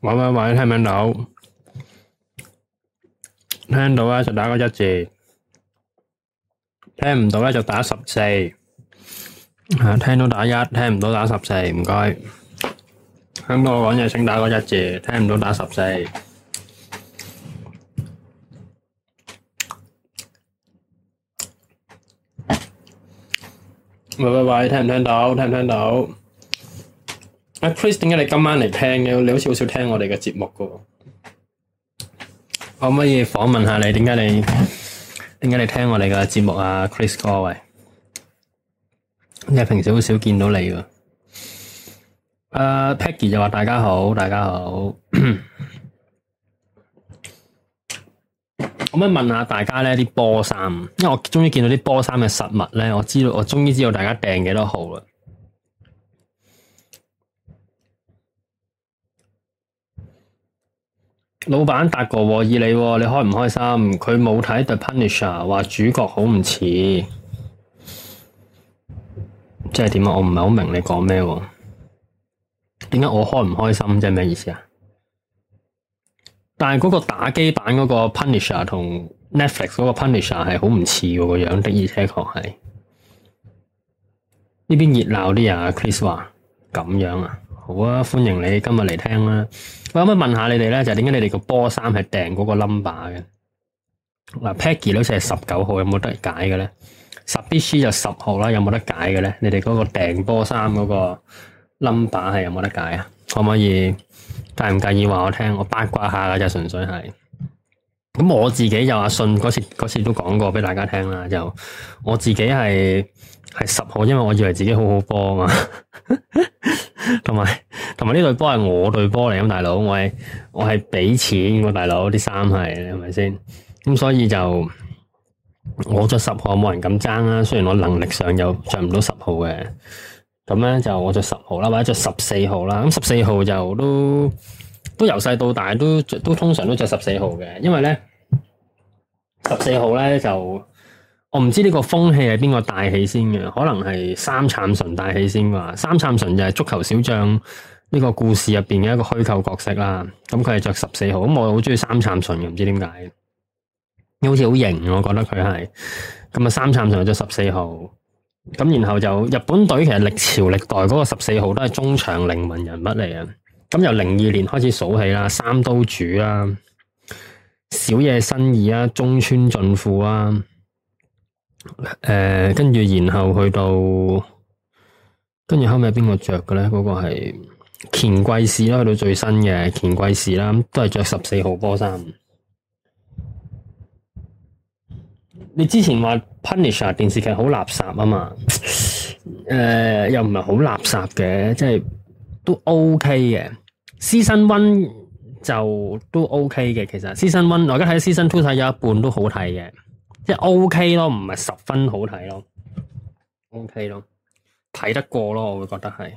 喂喂喂，聽唔聽到？聽到咧就打個一字，聽唔到咧就打十四。聽到打一，聽唔到打十四，唔該。聽到我講嘢，請打個一字，聽唔到打十四。喂喂喂，聽唔聽到？聽唔聽到？阿 Chris，點解你今晚嚟聽嘅？你好似好少聽我哋嘅節目噶。可唔可以訪問下你？點解你點解你聽我哋嘅節目啊？Chris 哥，喂，因為平時好少見到你噶。誒、uh，Peggy 就話大家好，大家好。可唔 可以問下大家咧？啲波衫，因為我終於見到啲波衫嘅實物咧，我知道，我終於知道大家訂幾多號啦。老闆答過爾你，你開唔開心？佢冇睇 The Punisher，話主角好唔似，即係點啊？我唔係好明你講咩喎？點解我開唔開心？即係咩意思啊？但係嗰個打機版嗰個 Punisher 同 Netflix 嗰個 Punisher 係好唔似個樣，的而且確係呢邊熱鬧啲啊！Chris 話咁樣啊。好啊，歡迎你今日嚟聽啦。我可唔可以問，問下你哋咧，就點、是、解你哋個波衫係訂嗰個 number 嘅？嗱、啊、Peggy 好似係十九號，有冇得解嘅咧？十 B C 就十號啦，有冇得解嘅咧？你哋嗰個訂波衫嗰個 number 係有冇得解啊？可唔可以介唔介意話我聽？我八卦下噶，就純粹係。咁我自己就阿信嗰次嗰次都講過俾大家聽啦，就我自己係。係十號，因為我以為自己好好波啊嘛， 同埋同埋呢對波係我對波嚟。咁大佬，我係我係俾錢個大佬，啲衫係係咪先？咁所以就我着十號冇人敢爭啦，雖然我能力上有着唔到十號嘅，咁咧就我着十號啦，或者着十四號啦，咁十四號就都都由細到大都都，都通常都着十四號嘅，因為咧十四號咧就。我唔知呢個風氣係邊個帶起先嘅，可能係三杉純帶起先啩。三杉純就係足球小將呢個故事入邊嘅一個虛構角色啦。咁佢係着十四號，咁我好中意三杉純，唔知點解，好似好型，我覺得佢係。咁啊，三杉純就着十四號，咁然後就日本隊其實歷朝歷代嗰個十四號都係中場靈魂人物嚟嘅。咁由零二年開始數起啦，三刀主啦、啊，小野伸二啊，中村俊輔啊。誒，跟住、呃、然後去到，跟住後尾係邊個着嘅咧？嗰個係乾貴士啦，去到最新嘅乾貴士啦，都係着十四號波衫。 你之前話《Punisher》啊電視劇好垃圾啊嘛？誒、呃，又唔係好垃圾嘅，即係都 OK 嘅。Season one 就都 OK 嘅，其實 Season one 我而家睇 Season two 睇有一半都好睇嘅。即係 OK 咯，唔係十分好睇咯，OK 咯，睇得過咯，我會覺得係。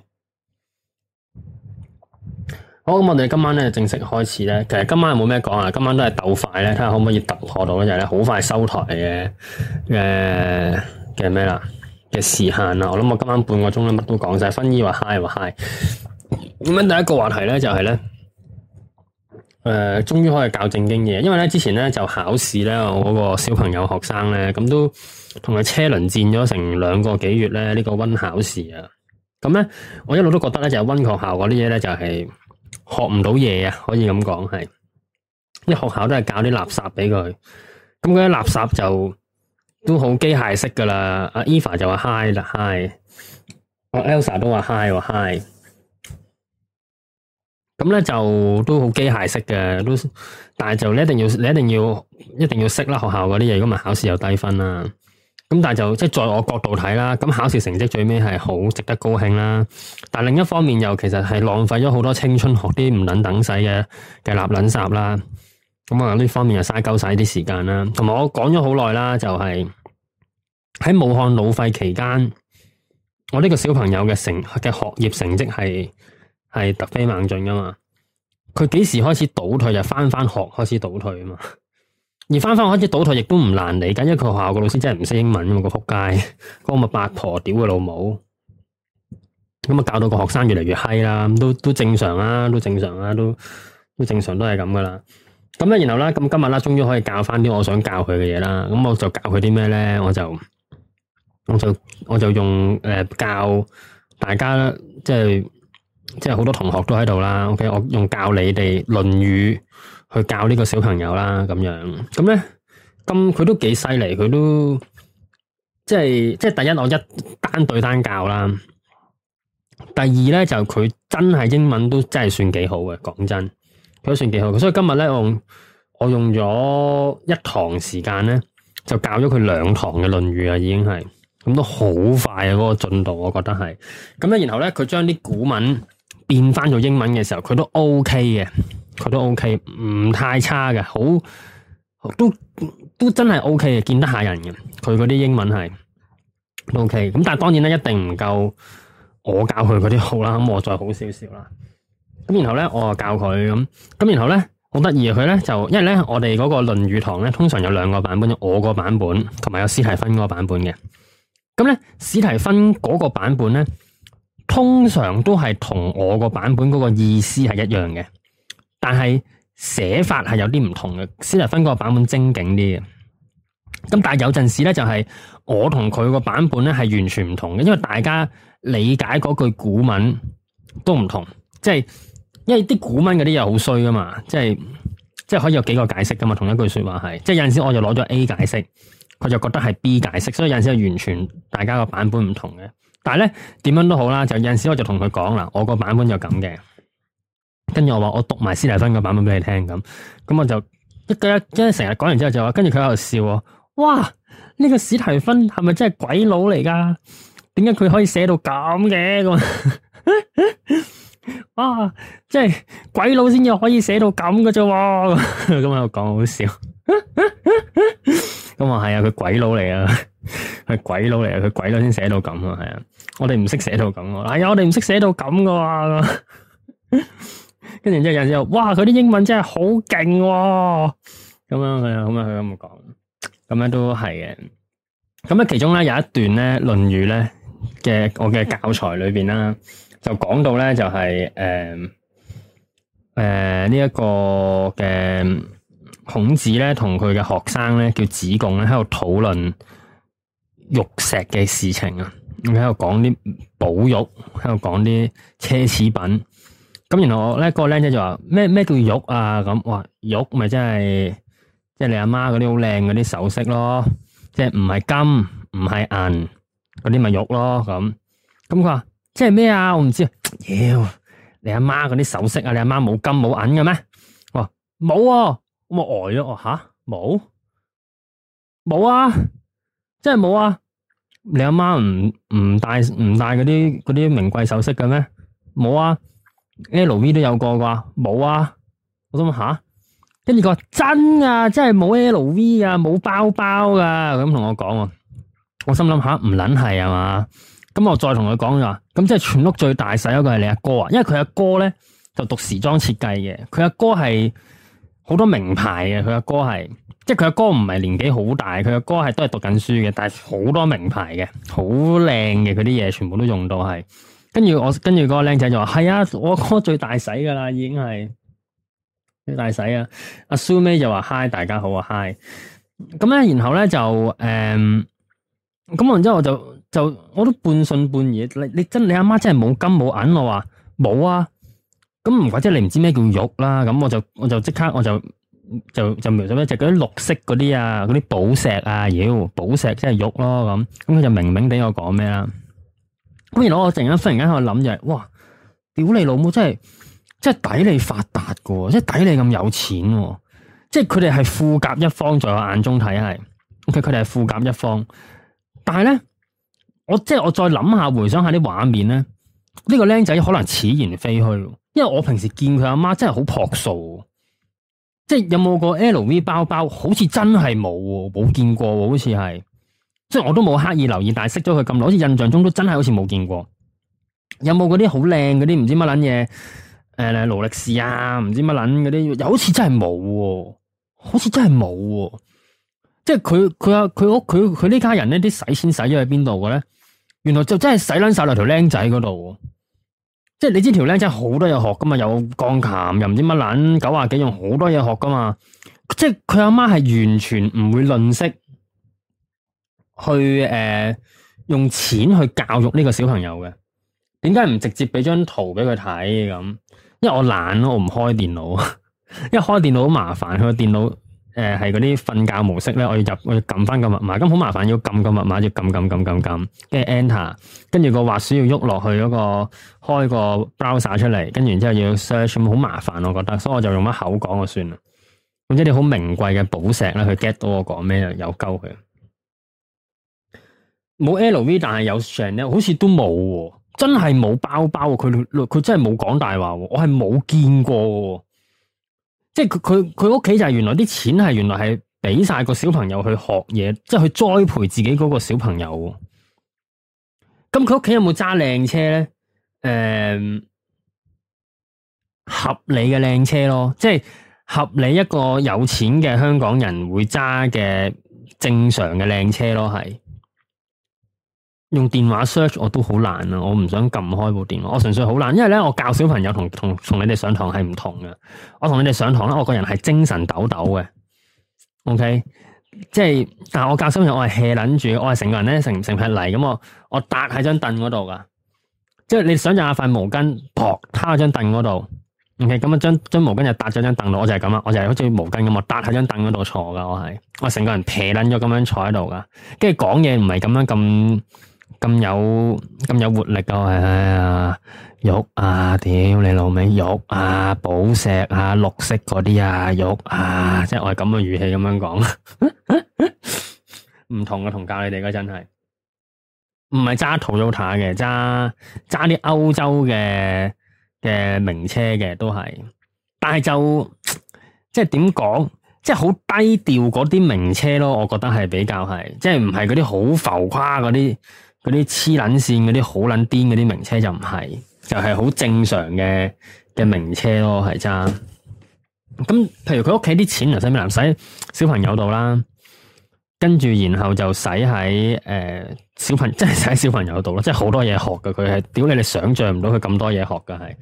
好，咁我哋今晚咧正式開始咧。其實今晚又冇咩講啊，今晚都係鬥快咧，睇下可唔可以突破到嗰日咧，好、就係、快收台嘅嘅嘅咩啦嘅時限啊！我諗我今晚半個鐘咧，乜都講晒，分衣話嗨話嗨。咁樣第一個話題咧就係咧。誒，終於、呃、可以教正經嘢，因為咧之前咧就考試咧，我嗰個小朋友學生咧，咁都同佢車輪戰咗成兩個幾月咧，這個、呢個温考試啊，咁咧我一路都覺得咧就温、是、學校嗰啲嘢咧就係學唔到嘢啊，可以咁講係，啲學校都係教啲垃圾俾佢，咁嗰啲垃圾就都好機械式噶啦，阿 Eva 就話 hi 啦 hi，阿、啊、Elsa 都話 hi 喎 hi。咁咧就都好機械式嘅，都但係就你一定要你一定要一定要識啦。學校嗰啲嘢，咁咪考試又低分啦，啊。咁但係就即係在我角度睇啦，咁考試成績最尾係好值得高興啦。但係另一方面又其實係浪費咗好多青春學啲唔捻等使嘅嘅立撚圾啦。咁啊呢方面又嘥鳩晒啲時間啦。同埋我講咗好耐啦，就係、是、喺武漢老廢期間，我呢個小朋友嘅成嘅學業成績係。係突飛猛進噶嘛？佢幾時開始倒退？就翻翻學開始倒退啊嘛？而翻翻學開始倒退，亦都唔難理解，因為佢學校個老師真係唔識英文啊嘛，那個仆街，嗰、那、咪、個、八婆屌佢老母，咁、嗯、啊教到個學生越嚟越嗨啦，咁都都正常啊，都正常啊，都都正常啊都都正常都係咁噶啦。咁、嗯、咧然後咧，咁、嗯、今日啦，終於可以教翻啲我想教佢嘅嘢啦。咁、嗯、我就教佢啲咩咧？我就我就我就我就用誒、呃、教大家即係。即係好多同學都喺度啦，OK，我用教你哋《論語》去教呢個小朋友啦，咁樣咁咧，咁佢都幾犀利，佢都即係即係第一我一單對單教啦，第二咧就佢真係英文都真係算幾好嘅，講真佢都算幾好，所以今日咧我我用咗一堂時間咧就教咗佢兩堂嘅《論語》啊，已經係咁都好快啊嗰個進度，我覺得係咁咧，然後咧佢將啲古文。變翻做英文嘅時候，佢都 OK 嘅，佢都 OK，唔太差嘅，好都都真係 OK 嘅，見得下人嘅。佢嗰啲英文係 OK，咁但係當然咧，一定唔夠我教佢嗰啲好啦，咁我再好少少啦。咁然後咧，我啊教佢咁，咁然後咧，好得意，佢咧就因為咧，我哋嗰個論語堂咧，通常有兩個版本，我個版本同埋有史提芬嗰個版本嘅。咁咧，史提芬嗰個版本咧。通常都係同我個版本嗰個意思係一樣嘅，但係寫法係有啲唔同嘅。斯萊芬個版本精簡啲嘅，咁但係有陣時咧就係我同佢個版本咧係完全唔同嘅，因為大家理解嗰句古文都唔同，即係因為啲古文嗰啲嘢好衰噶嘛，即係即係可以有幾個解釋噶嘛，同一句說話係，即係有陣時我就攞咗 A 解釋，佢就覺得係 B 解釋，所以有陣時係完全大家個版本唔同嘅。但係咧，點樣都好啦，就有陣時我就同佢講啦，我個版本就咁嘅，跟住我話我讀埋史提芬個版本畀你聽咁，咁我就一句一，即係成日講完之後就話，跟住佢喺度笑喎，哇，呢個史提芬係咪真係鬼佬嚟噶？點解佢可以寫到咁嘅？咁啊，哇，即係鬼佬先至可以寫到咁嘅啫，咁喺度講好笑。咁話係啊，佢鬼佬嚟啊，佢鬼佬嚟啊，佢鬼佬先寫到咁啊，係啊，我哋唔識寫到咁啊，哎呀，我哋唔識寫到咁噶，跟住之後有陣時，哇，佢啲英文真係好勁喎，咁樣係啊，咁樣，佢咁樣講，咁樣都係嘅，咁咧其中咧有一段咧《論語》咧嘅我嘅教材裏邊啦，就講到咧就係誒誒呢一個嘅。孔子咧同佢嘅學生咧叫子貢咧喺度討論玉石嘅事情啊，咁喺度講啲寶玉，喺度講啲奢侈品。咁然後我咧個靚仔就話咩咩叫玉啊？咁哇玉咪真係即係你阿媽嗰啲好靚嗰啲首飾咯，即係唔係金唔係銀嗰啲咪玉咯咁。咁佢話即係咩啊？我唔知。妖、yeah, 你阿媽嗰啲首飾啊？你阿媽冇金冇銀嘅咩？哇冇。咁我呆咗哦，吓冇冇啊，真係冇啊！你阿媽唔唔帶唔帶嗰啲嗰啲名貴首飾嘅咩？冇啊，LV 都有過啩，冇啊！我心諗吓，跟住佢話真啊，真係冇 LV 啊，冇包包啊。咁同我講啊。我心諗下，唔撚係啊嘛。咁我再同佢講就話，咁即係全屋最大細一個係你阿哥啊，因為佢阿哥咧就讀時裝設計嘅，佢阿哥係。好多名牌嘅，佢阿哥係，即係佢阿哥唔係年紀好大，佢阿哥係都係讀緊書嘅，但係好多名牌嘅，好靚嘅，佢啲嘢全部都用到係。跟住我，跟住個靚仔就話：係啊，我阿哥最大使噶啦，已經係最大使啊！阿蘇咩就話：Hi，大家好啊，Hi。咁咧，然後咧就，誒、嗯，咁然之後我就就，我都半信半疑。你你真，你阿媽，媽真係冇金冇銀，我話冇啊。咁或者你唔知咩叫玉啦，咁我就我就即刻我就就就描述咩，就嗰啲綠色嗰啲啊，嗰啲寶石啊，妖寶石即係玉咯咁。咁佢就明明畀我講咩啊？咁然後我突然間忽然間喺度諗嘅，哇！屌你老母，真係真係抵你發達噶，即係抵你咁有錢，即係佢哋係富甲一方，在我眼中睇係，OK，佢哋係富甲一方。但係咧，我即係我再諗下，回想下啲畫面咧，呢個僆仔可能此言非虛。因為我平時見佢阿媽真係好樸素，即係有冇個 LV 包包，好似真係冇，冇見過，好似係，即係我都冇刻意留意，但係識咗佢咁耐，好似印象中都真係好似冇見過。有冇嗰啲好靚嗰啲唔知乜捻嘢誒，勞力士啊，唔知乜捻嗰啲，又好似真係冇，好似真係冇，即係佢佢阿佢屋佢佢呢家人洗洗呢啲使錢使咗喺邊度嘅咧？原來就真係使捻晒落條僆仔嗰度。即係你知條靚仔好多嘢學噶嘛，有鋼琴又唔知乜撚九啊，幾樣好多嘢學噶嘛。即係佢阿媽係完全唔會吝嗇去誒、呃、用錢去教育呢個小朋友嘅。點解唔直接畀張圖畀佢睇咁？因為我懶咯，我唔開電腦啊。因為開電腦好麻煩，佢電腦。誒係嗰啲瞓覺模式咧，我要入，我要撳翻個密碼，咁好麻煩，要撳個密碼，要撳撳撳撳撳，跟住 enter，跟住個滑鼠要喐落去嗰個開個 browser 出嚟，跟住然之後要 search，好麻煩、啊，我覺得，所以我就用乜口講就算啦。或者啲好名貴嘅寶石啦，佢 get 到我講咩有鳩佢，冇 LV，但係有 Chanel 咧，好似都冇喎、啊，真係冇包包、啊，佢佢佢真係冇講大話喎，我係冇見過喎、啊。即係佢佢佢屋企就係原來啲錢係原來係俾晒個小朋友去學嘢，即係去栽培自己嗰個小朋友。咁佢屋企有冇揸靚車咧？誒、嗯，合理嘅靚車咯，即係合理一個有錢嘅香港人會揸嘅正常嘅靚車咯，係。用電話 search 我都好難啊！我唔想撳開部電話，我純粹好難，因為咧我教小朋友同同同你哋上堂係唔同嘅。我同你哋上堂咧，我個人係精神抖抖嘅。OK，即係但係我教小朋友我，我係 hea 捻住，我係成個人咧成成塊嚟咁。我我搭喺張凳嗰度噶，即係你想象下塊毛巾，扑趴喺張凳嗰度。OK，咁樣將將毛巾就搭咗張凳度，我就係咁啦，我就係好似毛巾咁啊，搭喺張凳嗰度坐噶，我係我成個人 hea 捻咗咁樣坐喺度噶，跟住講嘢唔係咁樣咁。咁有咁有活力噶係啊玉啊，屌你老味玉啊，寶石啊，綠色嗰啲啊玉啊，即係我係咁嘅語氣咁樣講，唔 同嘅同教你哋嘅真係，唔係揸 Toyota 嘅揸揸啲歐洲嘅嘅名車嘅都係，但係就即係點講，即係好低調嗰啲名車咯，我覺得係比較係，即係唔係嗰啲好浮誇嗰啲。嗰啲黐撚線、嗰啲好撚癲、嗰啲名車就唔係，就係、是、好正常嘅嘅名車咯，係真。咁譬如佢屋企啲錢就使唔使小朋友度啦？跟住然後就使喺誒小朋，即係使喺小朋友度咯，即係好多嘢學嘅佢係，屌你哋想像唔到佢咁多嘢學嘅係，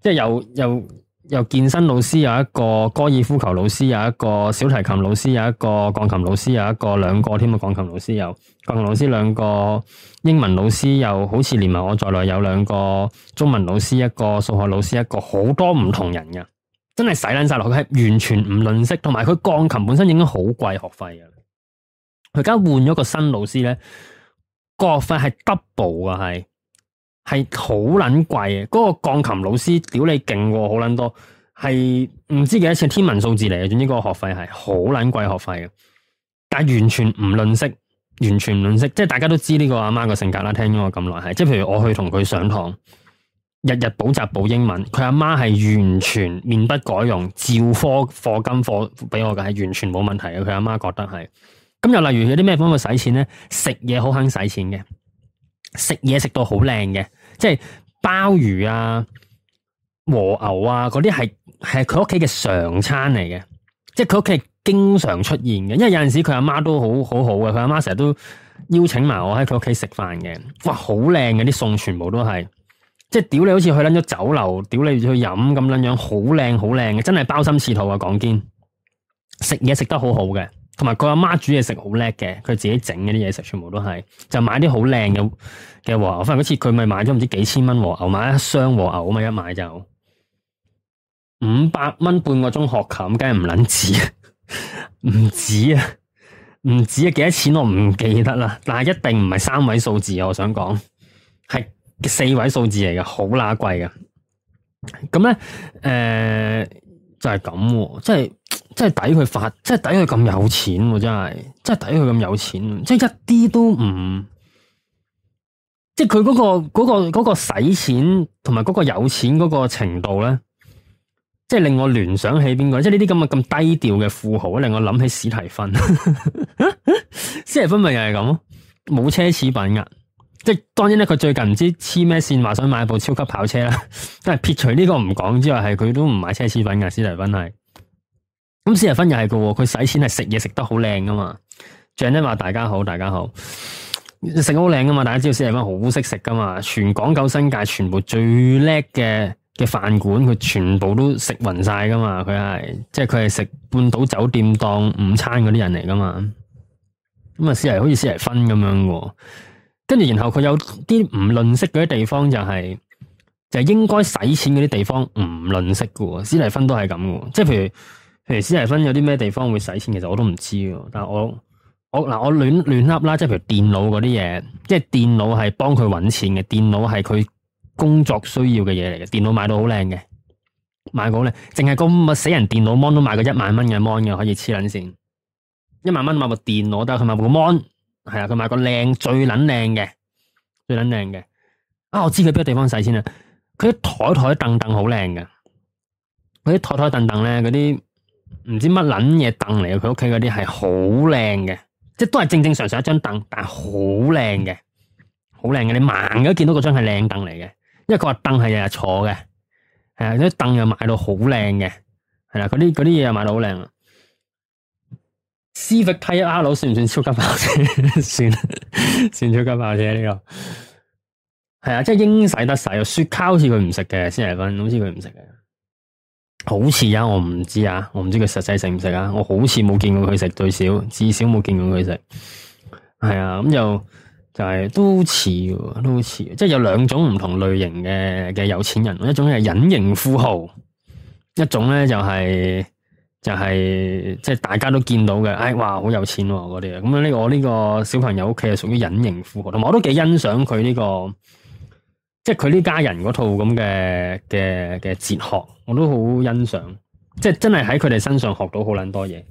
即係又又。又又健身老師有一個，高爾夫球老師有一個，小提琴老師有一個，鋼琴老師有一個，兩個添啊，鋼琴老師有，鋼琴老師兩個，英文老師又好似連埋我在內有兩個中文老師，一個數學老師，一個，好多唔同人噶，真係洗捻晒落去，完全唔吝嗇，同埋佢鋼琴本身已經好貴學費噶，佢而家換咗個新老師咧，學費係 double 噶係。係好捻貴嘅，嗰個鋼琴老師屌你勁，好捻多，係唔知幾多錢，天文數字嚟嘅。總之個學費係好捻貴學費嘅，但係完全唔吝嗇，完全唔吝嗇，即係大家都知呢個阿媽個性格啦。聽咗我咁耐，係即係譬如我去同佢上堂，日日補習補英文，佢阿媽係完全面不改容，照科課金課俾我嘅，係完全冇問題嘅。佢阿媽覺得係。咁又例如有啲咩方法使錢咧？食嘢好肯使錢嘅。食嘢食到好靚嘅，即係鮑魚啊、和牛啊啲係係佢屋企嘅常餐嚟嘅，即係佢屋企係經常出現嘅。因為有陣時佢阿媽都好好好嘅，佢阿媽成日都邀請埋我喺佢屋企食飯嘅。哇，好靚嘅啲餸，全部都係即係屌你好似去捻咗酒樓，屌你去飲咁捻樣，好靚好靚嘅，真係鮑參翅肚啊！講堅食嘢食得好好嘅。同埋佢阿媽煮嘢食好叻嘅，佢自己整嘅啲嘢食，全部都係就買啲好靚嘅嘅和牛。我翻好似佢咪買咗唔知幾千蚊和牛，買一箱和牛啊嘛，一買就五百蚊半個鐘學琴，梗係唔撚止，唔 止啊，唔止啊，幾多錢我唔記得啦，但係一定唔係三位數字啊，我想講係四位數字嚟嘅，好乸貴㗎。咁咧，誒、呃、就係、是、咁、啊，即係。即係抵佢發，即係抵佢咁有錢，啊，真係，啊，真係抵佢咁有錢，啊，即係一啲都唔，即係佢嗰個、嗰個嗰個使錢同埋嗰個有錢嗰個程度咧，即係令我聯想起邊個？即係呢啲咁嘅咁低調嘅富豪，令我諗起史提芬。史 提芬咪又係咁，冇奢侈品噶，即係當然咧，佢最近唔知黐咩線話想買部超級跑車啦。但係撇除呢個唔講之外，係佢都唔買奢侈品噶。史提芬係。咁斯麗芬又係嘅，佢使錢係食嘢，食得好靚噶嘛。James 話大家好，大家好，食好靚噶嘛。大家知道斯麗芬好識食噶嘛？全港九新界全部最叻嘅嘅飯館，佢全部都食勻晒噶嘛。佢係即係佢係食半島酒店當午餐嗰啲人嚟噶嘛。咁啊，斯麗好似斯麗芬咁樣嘅，跟住然後佢有啲唔吝嗇嗰啲地方就係、是、就係、是、應該使錢嗰啲地方唔吝嗇嘅。斯麗芬都係咁嘅，即係譬如。譬如史提芬有啲咩地方會使錢，其實我都唔知。但係我我嗱我亂亂笠啦，即係譬如電腦嗰啲嘢，即係電腦係幫佢搵錢嘅，電腦係佢工作需要嘅嘢嚟嘅。電腦買到好靚嘅，買個好靚，淨係個死人電腦 mon 都買個一萬蚊嘅 mon 嘅，可以黐捻線。一萬蚊買部電腦得，佢買部 mon 係啊，佢買個靚最撚靚嘅，最撚靚嘅。啊，我知佢邊個地方使錢啊。佢啲台台凳凳好靚嘅，佢啲台台凳凳咧，嗰啲。唔知乜撚嘢凳嚟嘅，佢屋企嗰啲係好靚嘅，即係都係正正常常一張凳，但係好靚嘅，好靚嘅。你盲嘅都見到嗰張係靚凳嚟嘅，因為佢話凳係日日坐嘅，係啊，嗰啲凳又買到好靚嘅，係啦，嗰啲啲嘢又買到好靚。絲襪梯阿佬算唔算超級爆車？ 算了 算超級爆車呢個係啊，即係應使得使啊。雪糕好似佢唔食嘅，千零蚊，好似佢唔食嘅。好似啊，我唔知啊，我唔知佢實際食唔食啊。我好似冇見過佢食最少，至少冇見過佢食。係啊，咁、嗯、就就係都似，都似，即係有兩種唔同類型嘅嘅有錢人，一種係隱形富豪，一種咧就係、是、就係、是、即係大家都見到嘅，哎哇好有錢嗰啲啊。咁啊呢個我呢個小朋友屋企係屬於隱形富豪，同埋我都幾欣賞佢呢個。即係佢呢家人嗰套咁嘅嘅嘅哲學，我都好欣賞。即係真係喺佢哋身上學到好捻多嘢，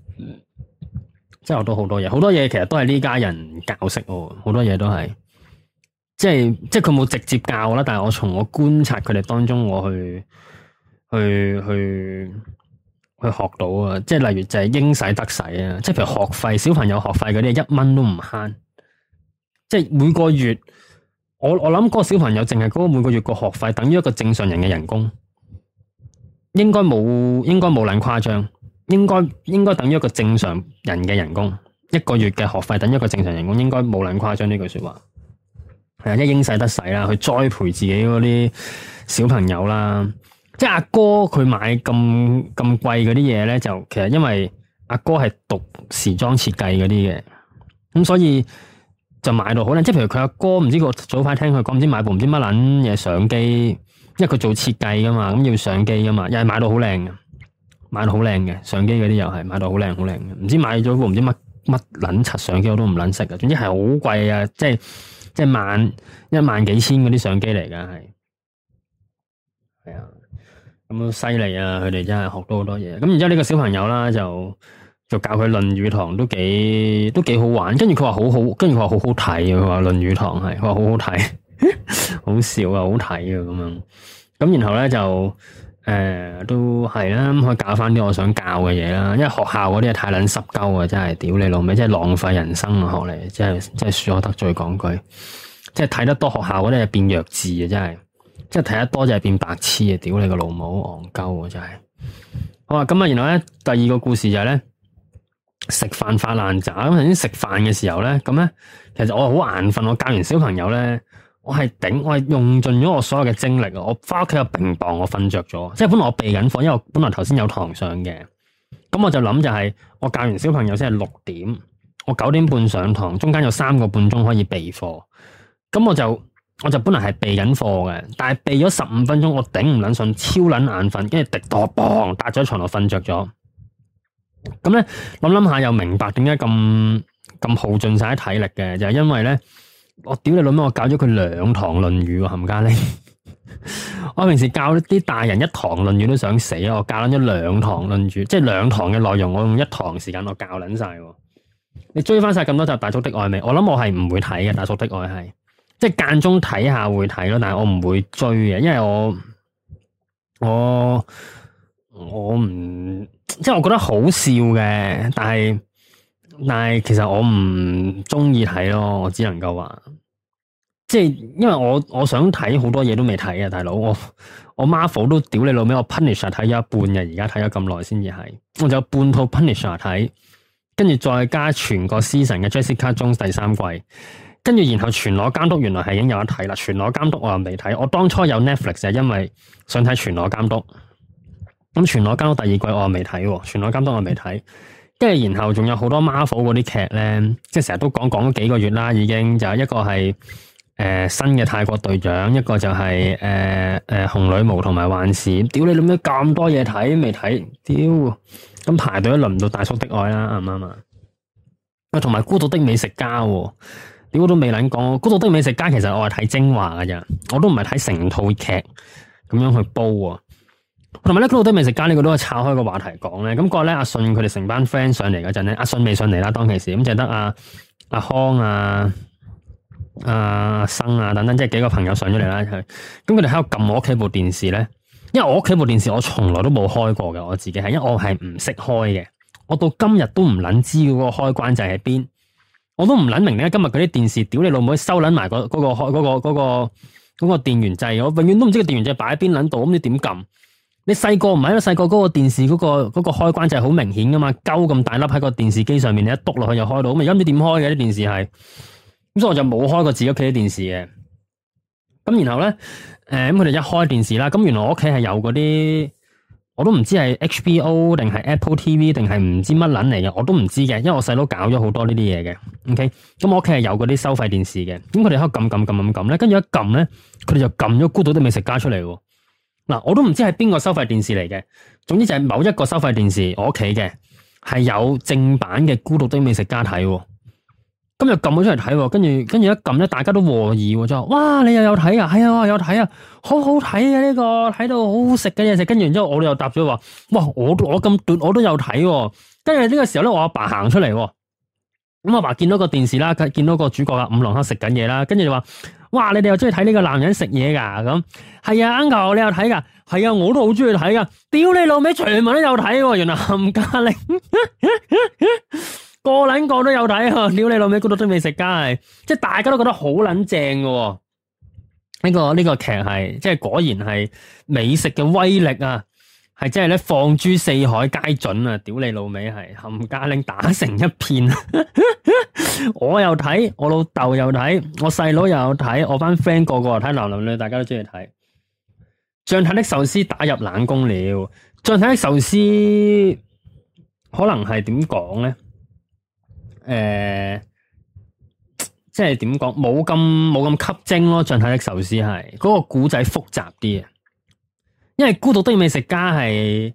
即係學到好多嘢。好多嘢其實都係呢家人教識我，好多嘢都係。即係即係佢冇直接教我啦，但係我從我觀察佢哋當中，我去去去去學到啊。即係例如就係應使得使啊，即係譬如學費，小朋友學費嗰啲一蚊都唔慳，即係每個月。我我諗嗰個小朋友淨係嗰個每個月個學費等於一個正常人嘅人工，應該冇應該冇咁誇張，應該應該等於一個正常人嘅人工，一個月嘅學費等於一個正常人工應該冇咁誇張呢句說話，係啊，即係應使得使啦，去栽培自己嗰啲小朋友啦。即係阿哥佢買咁咁貴嗰啲嘢咧，就其實因為阿哥係讀時裝設計嗰啲嘅，咁所以。就買到好靚，即係譬如佢阿哥唔知個早排聽佢講，唔知買部唔知乜撚嘅相機，因為佢做設計噶嘛，咁要相機噶嘛，又係買到好靚嘅，買到好靚嘅相機嗰啲又係買到好靚好靚嘅，唔知買咗部唔知乜乜撚柒相機，我都唔撚識呀，總之係好貴啊，即係即係萬一萬幾千嗰啲相機嚟㗎係，係啊，咁犀利啊，佢哋真係學到好多嘢，咁然之後呢個小朋友啦就。就教佢《論語》堂都幾都幾好玩，跟住佢話好好，跟住佢話好好睇，佢話《論語》堂係，佢話好好睇， 好笑啊，好睇啊，咁樣。咁然後咧就誒、呃、都係啦，可以教翻啲我想教嘅嘢啦。因為學校嗰啲係太撚濕鳩啊，真係屌你老味，真係浪費人生啊，學嚟真係真係恕我得罪講句，即係睇得多學校嗰啲係變弱智啊，真係，即係睇得多就係變白痴啊，屌你個老母，好戇鳩啊，真係。好啊，咁啊，然後咧第二個故事就係、是、咧。食飯發爛渣咁，頭先食飯嘅時候咧，咁咧，其實我好眼瞓。我教完小朋友咧，我係頂，我係用盡咗我所有嘅精力。我翻屋企又平磅，我瞓着咗。即係本來我備緊課，因為我本來頭先有堂上嘅。咁、嗯、我就諗就係、是、我教完小朋友先係六點，我九點半上堂，中間有三個半鐘可以備課。咁、嗯、我就我就本來係備緊課嘅，但係備咗十五分鐘，我頂唔捻順，超捻眼瞓，跟住跌多磅，搭咗喺床度瞓着咗。咁咧諗諗下又明白點解咁咁耗盡晒體力嘅，就係因為咧，我屌你諗，我教咗佢兩堂論語喎，冚家拎，我平時教啲大人一堂論語都想死啊，我教捻咗兩堂論語，即係兩堂嘅內容，我用一堂時間我教捻晒。你追翻晒咁多集《大叔的愛》未？我諗我係唔會睇嘅，《大叔的愛》係即係間中睇下會睇咯，但係我唔會追嘅，因為我我。我唔，即係我覺得好笑嘅，但係但係其實我唔中意睇咯，我只能夠話，即係因為我我想睇好多嘢都未睇啊，大佬，我我 Marvel 都屌你老味，我 Punisher 睇咗一半嘅，而家睇咗咁耐先至係，我仲有半套 Punisher 睇，跟住再加全個 season 嘅 Jessica Jones 第三季，跟住然後《全裸監督》原來係已經有得睇啦，《全裸監督》我又未睇，我當初有 Netflix 就因為想睇《全裸監督》。咁《全裸監督》第二季我又未睇，《全裸監督》我未睇，跟住然後仲有好多 Marvel 嗰啲劇咧，即係成日都講講咗幾個月啦，已經就一個係誒、呃、新嘅泰國隊長，一個就係誒誒紅女巫同埋幻視。屌你諗咗咁多嘢睇未睇？屌，咁、啊、排隊都輪唔到大叔的愛啦，啱唔啱啊？啊，同埋孤獨的美食家，啊、屌我都未諗講。孤獨的美食家其實我係睇精華㗎咋，我都唔係睇成套劇咁樣去煲啊。同埋咧，好多美食家咧，佢都係炒開個話題講咧。咁嗰日咧，阿信佢哋成班 friend 上嚟嗰陣咧，阿信未上嚟啦，當其時咁就係得阿阿康啊、阿生啊等等，即係幾個朋友上咗嚟啦。咁佢哋喺度撳我屋企部電視咧，因為我屋企部電視我從來都冇開過嘅，我自己係，因為我係唔識開嘅，我到今日都唔捻知嗰個開關掣喺邊，我都唔捻明咧。今日嗰啲電視屌你老母，收捻埋、嗰個嗰、嗰個開、嗰個、嗰個嗰個嗰個電源掣，我永遠都唔知個電源掣擺喺邊捻度，咁你點撳？你細個唔係因為，細個嗰個電視嗰個嗰個開關就係好明顯噶嘛，鳩咁大粒喺個電視機上面，你一篤落去就開到，咁而家唔知點開嘅啲電視係，咁所以我就冇開過自己屋企啲電視嘅。咁然後咧，誒咁佢哋一開電視啦，咁原來我屋企係有嗰啲，我都唔知係 HBO 定係 Apple TV 定係唔知乜捻嚟嘅，我都唔知嘅，因為我細佬搞咗好多呢啲嘢嘅。OK，咁我屋企係有嗰啲收費電視嘅，咁佢哋喺度撳撳撳撳撳咧，跟住一撳咧，佢哋就撳咗孤獨啲美食家出嚟喎。嗱、啊，我都唔知係邊個收費電視嚟嘅，總之就係某一個收費電視，我屋企嘅係有正版嘅《孤獨的美食家》睇。今日撳咗出嚟睇，跟住跟住一撳咧，大家都和議就話：，哇，你又有睇啊？係啊，有睇啊，好好睇啊！呢、這個睇到好好食嘅嘢食。跟住然之後，我哋又答咗話：，哇，我我咁短我都有睇、啊。跟住呢個時候咧，我阿爸行出嚟。咁阿爸，爸見到個電視啦，見到個主角阿五郎黑食緊嘢啦，跟住就話：，哇！你哋又中意睇呢個男人食嘢噶？咁係啊，Uncle 你又睇噶？係啊，我都好中意睇噶。屌你老味，全部都有睇，原來冚家玲個撚個都有睇。屌你老味，嗰度都未食街。」即係大家都覺得好撚正噶。呢個呢個劇係，即係果然係美食嘅威力啊！係真係咧，放諸四海皆準啊！屌你老味，係冚家拎打成一片。 我又睇，我老豆又睇，我細佬又睇，我班 friend 個個都睇，男男女女，大家都鍾意睇。將太的壽司打入冷宮了。將太的壽司可能係點講咧？誒，即係點講？冇咁冇咁吸睛咯。將太的壽司係嗰、那個故仔複雜啲啊。因為孤獨的美食家係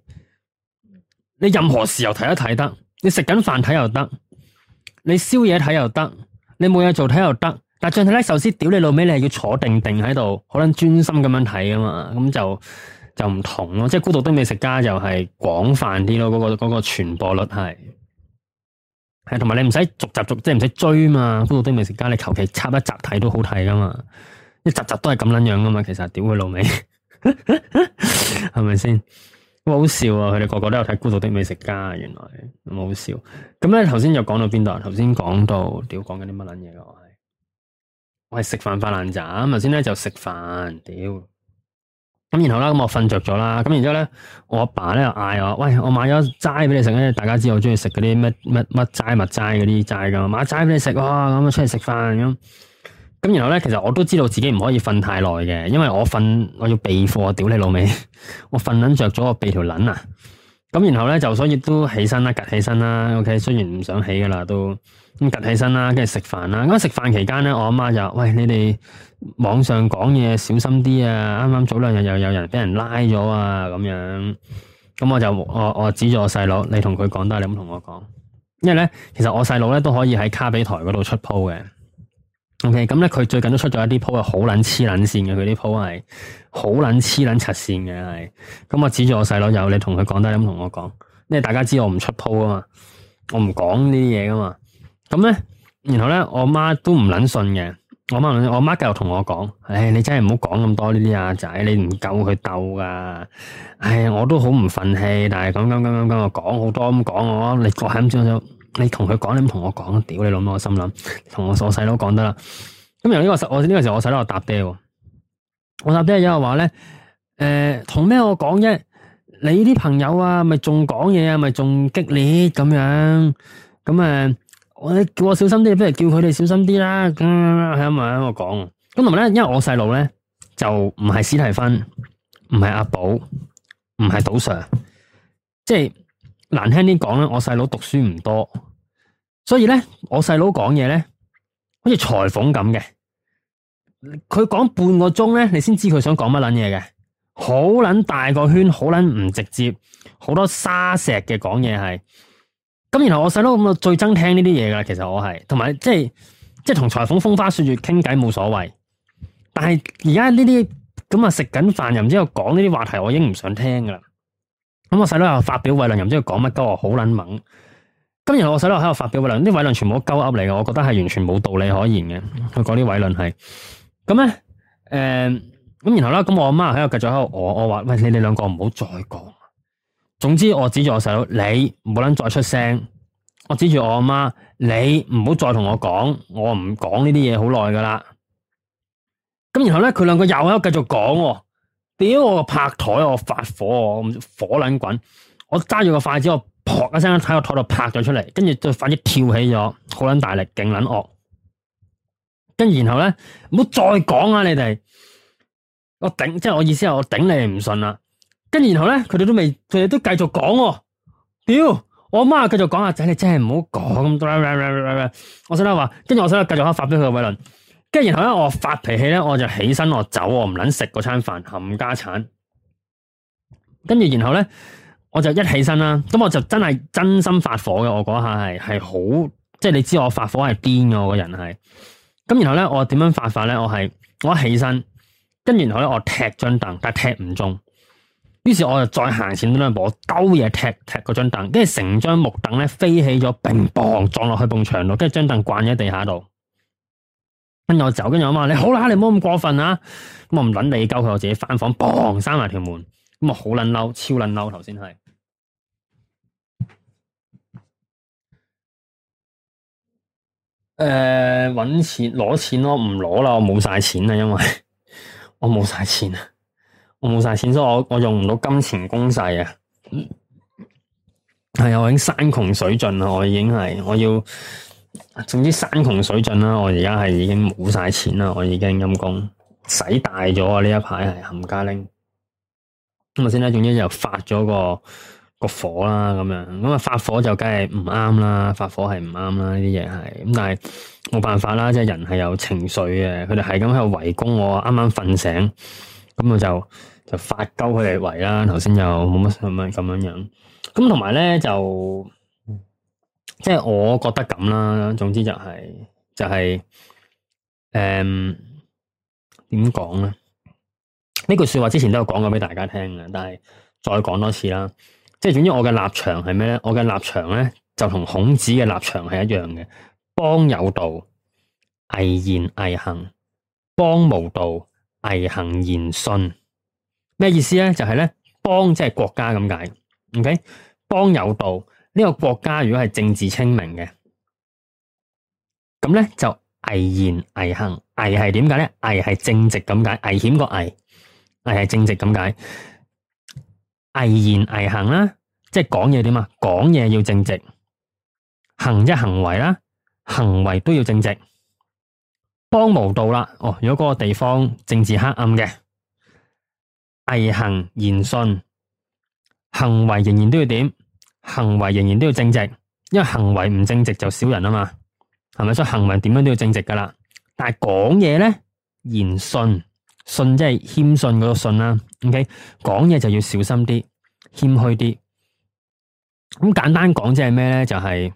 你任何時候睇得睇得，你食緊飯睇又得，你宵夜睇又得，你冇嘢做睇又得。但係章太炎壽司屌你老味」，你係要坐定定喺度，可能專心咁樣睇啊嘛。咁就就唔同咯。即係孤獨的美食家又係廣泛啲咯，嗰個嗰個傳播率係係同埋你唔使逐集逐即係唔使追嘛。孤獨的美食家你求其插一集睇都好睇噶嘛，一集集都係咁樣樣噶嘛。其實屌佢老味」。係咪先？好笑啊！佢哋個個都有睇《孤獨的美食家》。原來咁好笑。咁、嗯、咧，頭先又講到邊度？頭先講到屌，講緊啲乜撚嘢，我係我係食飯發爛渣。頭先咧就食飯，屌、呃、咁、嗯、然後啦，咁我瞓着咗啦。咁然之後咧，我阿爸咧又嗌我：喂，我買咗齋俾你食咧。大家知我中意食嗰啲乜乜乜齋物齋嗰啲齋噶，買齋俾你食咁啊，出嚟食飯咁。咁然後咧，其實我都知道自己唔可以瞓太耐嘅，因為我瞓我要備貨，屌你老味。我瞓撚着咗我備條撚啊！咁然後咧，就所以都起身啦，𥄫 起身啦，OK，雖然唔想起㗎啦都咁 𥄫 起身啦，跟住食飯啦。咁食飯期間咧，我阿媽就喂你哋網上講嘢小心啲啊！啱啱早兩日又有人俾人拉咗啊，咁樣咁我就我我就指咗我細佬，你同佢講，得，你唔同我講，因為咧，其實我細佬咧都可以喺卡比台嗰度出鋪嘅。OK，咁咧佢最近都出咗一啲 po 啊，好撚黐撚線嘅，佢啲 po 係好撚黐撚斜線嘅係。咁我指住我細佬有，你同佢講得咁同我講，因為大家知我唔出 po 啊嘛，我唔講呢啲嘢噶嘛。咁咧，然後咧我媽都唔撚信嘅，我媽我媽繼續同我講，唉，你真係唔好講咁多呢啲啊仔，你唔夠佢鬥噶。唉，我都好唔憤氣，但係咁咁咁咁咁我講好多咁講我，你講咁你同佢講，你唔同我講，屌你老母我心諗，同我我細佬講得啦。咁由呢、這個時，我呢、這個時候我細佬就答爹、哦，我答爹又話咧，誒、呃，同咩我講啫？你啲朋友啊，咪仲講嘢啊，咪仲激烈咁樣？咁、嗯、啊，你叫我小心啲，不如叫佢哋小心啲啦。咁、嗯、樣啦，喺埋喺講。咁同埋咧，因為我細佬咧就唔係史提芬，唔係阿寶，唔係賭 Sir，即係。難聽啲講啦，我細佬讀書唔多，所以咧我細佬講嘢咧，好似裁縫咁嘅，佢講半個鐘咧，你先知佢想講乜捻嘢嘅，好捻大個圈，好捻唔直接，好多沙石嘅講嘢係。咁然後我細佬咁啊最憎聽呢啲嘢噶，其實我係，同埋即係即係同裁縫風花雪月傾偈冇所謂，但係而家呢啲咁啊食緊飯又唔知又講呢啲話題，我已經唔想聽噶啦。咁我細佬又發表偉論，又唔知佢講乜鳩，好卵懵。咁然後我細佬喺度發表偉論，啲偉論全部都鳩噏嚟嘅，我覺得係完全冇道理可言嘅。佢講啲偉論係咁咧，誒，咁、呃、然後咧，咁我阿媽喺度繼續喺度，我我話，喂，你哋兩個唔好再講。總之，我指住我細佬，你唔好卵再出聲。我指住我阿媽，你唔好再同我講。我唔講呢啲嘢好耐噶啦。咁然後咧，佢兩個又喺度繼續講喎。屌，我拍台，我發火，我唔知火撚滾，我揸住個筷子我撲一聲喺個台度拍咗出嚟，跟住就筷子跳起咗，好撚大力勁撚惡，跟住，然後咧唔好再講啊你哋，我頂即係我意思係我頂你哋唔信啦，跟住，然後咧佢哋都未佢哋都繼續講、啊、我媽媽續，屌我阿媽繼續講阿仔你真係唔好講咁多，我想啦話，跟住我想啦繼續發俾佢偉論。跟住然後咧，我發脾氣咧，我就起身我走我唔捻食嗰餐飯冚家鏟。跟住然後咧，我就一起身啦，咁我就真係真心發火嘅，我嗰下係係好，即係你知我發火係癲嘅，我個人係。咁然後咧，我點樣發法咧？我係我一起身，跟住然後咧，我踢張凳，但係踢唔中。於是我就再行前嗰兩步，兜嘢踢踢嗰張凳，跟住成張木凳咧飛起咗，砰！撞落去埲牆度，跟住張凳慣咗喺地下度。跟住我走，跟住我話，你好啦，你唔好咁過分啊！咁我唔捻你救佢，我自己翻房，嘣，閂埋條門，咁我好捻嬲，超捻嬲，頭先係。誒、呃，搵錢攞錢咯，唔攞啦，我冇晒錢啦，因為我冇晒錢啊，我冇晒錢，錢，所以我我用唔到金錢攻勢啊。係、哎、啊，我已經山窮水盡啦，我已經係，我要。總之山窮水盡啦，我而家係已經冇晒錢啦，我已經陰功使大咗啊！呢一排係冚家拎咁啊！先啦，總之就發咗個個火啦，咁樣咁啊發火就梗係唔啱啦，發火係唔啱啦，呢啲嘢係咁，但係冇辦法啦，即係人係有情緒嘅，佢哋係咁喺度圍攻我，啱啱瞓醒，咁我就就發鳩佢哋圍啦，頭先又冇乜咁樣咁樣樣，咁同埋咧就。即係我覺得咁啦，總之就係、是、就係、是，誒、嗯，點講咧？呢句說話之前都有講過俾大家聽嘅，但係再講多次啦。即係總之我立場呢，我嘅立場係咩咧？我嘅立場咧就同孔子嘅立場係一樣嘅。邦有道，危言危行；邦無道，危行言孫。咩意思咧？就係、是、咧，邦即係國家咁解。O K，邦有道。呢個國家如果係政治清明嘅，咁咧就危言危行。危係點解咧？危係正直咁解，危險個危，危係正直咁解。危言危行啦，即係講嘢點啊？講嘢要正直，行一行為啦，行為都要正直。邦無道啦，哦，如果嗰個地方政治黑暗嘅，危行言信，行為仍然都要點？行為仍然都要正直，因為行為唔正直就少人啊嘛，係咪？所以行為點樣都要正直噶啦。但係講嘢咧，言信，信即係謙信嗰個信啦。OK，講嘢就要小心啲，謙虛啲。咁簡單講即係咩咧？就係、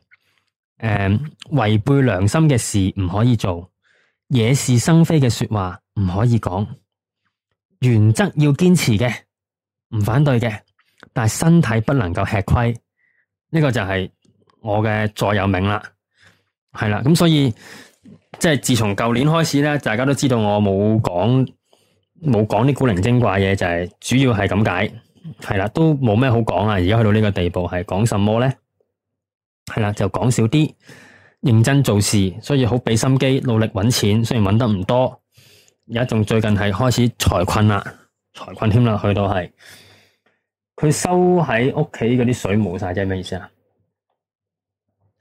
是、誒，違背良心嘅事唔可以做，惹是生非嘅說話唔可以講。原則要堅持嘅，唔反對嘅，但係身體不能夠吃虧。呢個就係我嘅座右銘啦，係啦，咁所以即係自從舊年開始咧，大家都知道我冇講冇講啲古靈精怪嘢，就係主要係咁解，係啦，都冇咩好講啊！而家去到呢個地步，係講什麼咧？係啦，就講少啲，認真做事，所以好俾心機，努力搵錢，雖然搵得唔多，而家仲最近係開始財困啦，財困添啦，去到係。佢收喺屋企嗰啲水冇晒，即係，咩意思啊？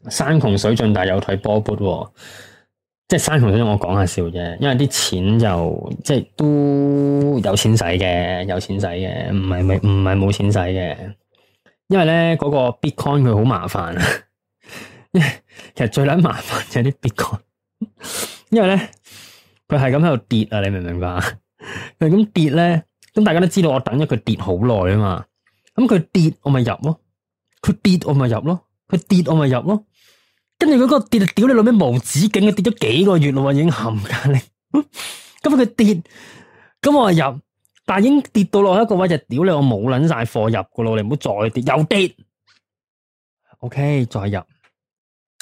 山窮水盡但係有睇波波喎，啊，即係山窮水盡我講下笑啫，因為啲錢就即係都有錢使嘅，有錢使嘅，唔係唔係冇錢使嘅。因為咧嗰、嗰個 bitcoin 佢好麻煩啊， 其實最撚麻煩就係啲 bitcoin，因為咧佢係咁喺度跌啊，你明唔明白㗎？佢 咁跌咧，咁大家都知道我等咗佢跌好耐啊嘛～咁佢跌我咪入咯，佢跌我咪入咯，佢跌我咪入咯。跟住佢個跌，屌你老味無止境嘅跌咗幾個月咯，已經冚緊你。咁佢跌，咁我入，但係已經跌到落一個位就屌你，我冇捻晒貨入噶咯，你唔好再跌，又跌。O K，再入，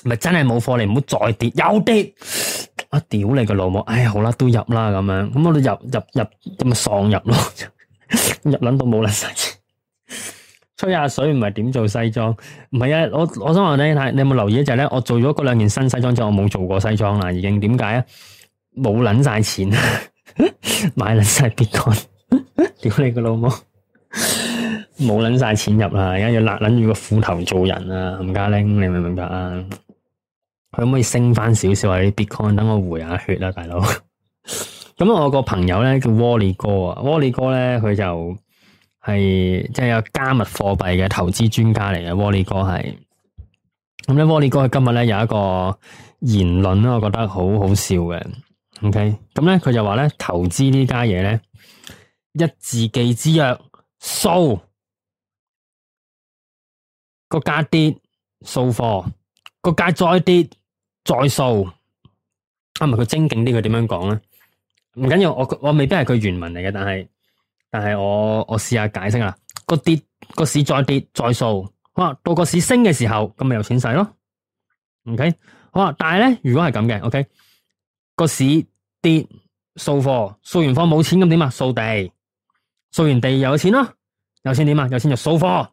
咪真係冇貨，你唔好再跌，又跌。我屌你個老母，哎呀，好啦，都入啦咁樣，咁我哋入入入咁咪喪入咯，入捻到冇捻晒。吹下水唔係點做西裝？唔係啊，我我想話你睇，你有冇留意咧？就咧，我做咗嗰兩件新西裝之後，我冇做過西裝啦，已經點解啊？冇捻晒錢， 買捻晒 bitcoin，屌 你個老母，冇捻晒錢入啦，而家要拿捻住個斧頭做人啊！吳家玲，你明唔明白啊？佢可唔可以升翻少少喺 bitcoin？等我回下血啦，大佬。咁我個朋友咧叫 Wally 哥啊，Wally 哥咧佢就。係即係有加密貨幣嘅投資專家嚟嘅 Wally 哥係。咁咧 Wally 哥今日咧有一個言論咧，我覺得好好笑嘅。OK，咁咧佢就話咧，投資呢家嘢咧，一字記之曰：掃，個價跌，掃貨；個價再跌，再掃。啱、啊、咪？佢精警啲，佢點樣講咧？唔緊要，我我未必係佢原文嚟嘅，但係。但係我我試下解釋啦，個跌個市再跌再掃，哇！到個市升嘅時候，咁咪有錢使咯。OK，好哇！但係咧，如果係咁嘅，OK，個市跌掃貨，掃完貨冇錢咁點啊？掃地，掃完地又有錢咯，有錢點啊？有錢就掃貨，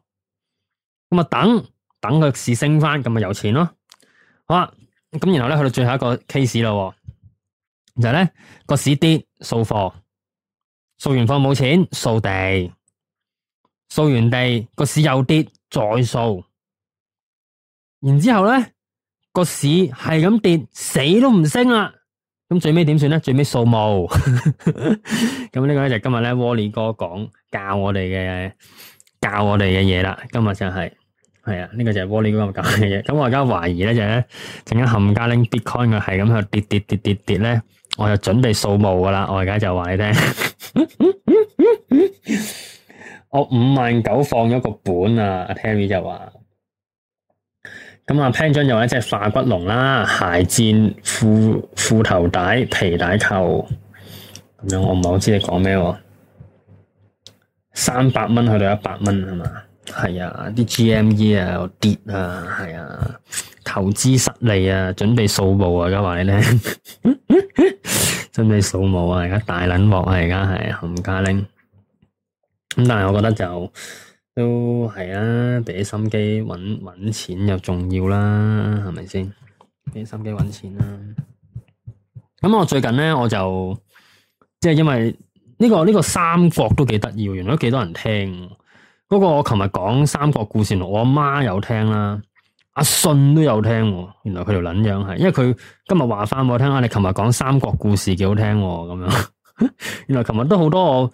咁啊，等等個市升翻，咁咪有錢咯。好啦，咁然後咧去到最後一個 case 咯，然後咧，個市跌掃貨。掃貨掃完房冇錢，掃地掃完地個市又跌，再掃。然之後咧個市係咁跌，死都唔升啦。咁最尾點算咧？最尾掃墓。咁 呢個咧就今日咧，Wally 哥講，教我哋嘅教我哋嘅嘢啦。今日就係、是、係啊，呢、這個就係 Wally 哥教嘅嘢。咁我而家懷疑咧就咧、是，陣間冚家拎 bitcoin 嘅係咁度跌跌跌跌跌咧，我就準備掃墓噶啦。我而家就話你聽。我五萬九放咗個本啊，阿 Tammy 就話，咁阿 Pan 張又話隻化骨龍啦，鞋墊褲褲頭帶皮帶扣，咁樣我唔係好知你講咩，三百蚊去到一百蚊係嘛，係啊，啲 GME 啊，啊跌啊，係啊。投資失利啊，準備掃墓啊，而家話你咧， 準備掃墓啊，而家大捻鑊啊，而家係冚家拎。咁但係我覺得就都係啊，俾心機搵搵錢又重要啦，係咪先？俾心機搵錢啦。咁我最近咧，我就即係、就是、因為呢、呢個呢、呢個三國都幾得意，原來幾多人聽。不、那、過、個、我琴日講三國故事，我阿媽有聽啦。阿信都有聽、哦，原來佢條撚樣係，因為佢今日話翻我聽，下、啊、你琴日講三國故事幾好聽咁、哦、樣，原來琴日都好多我，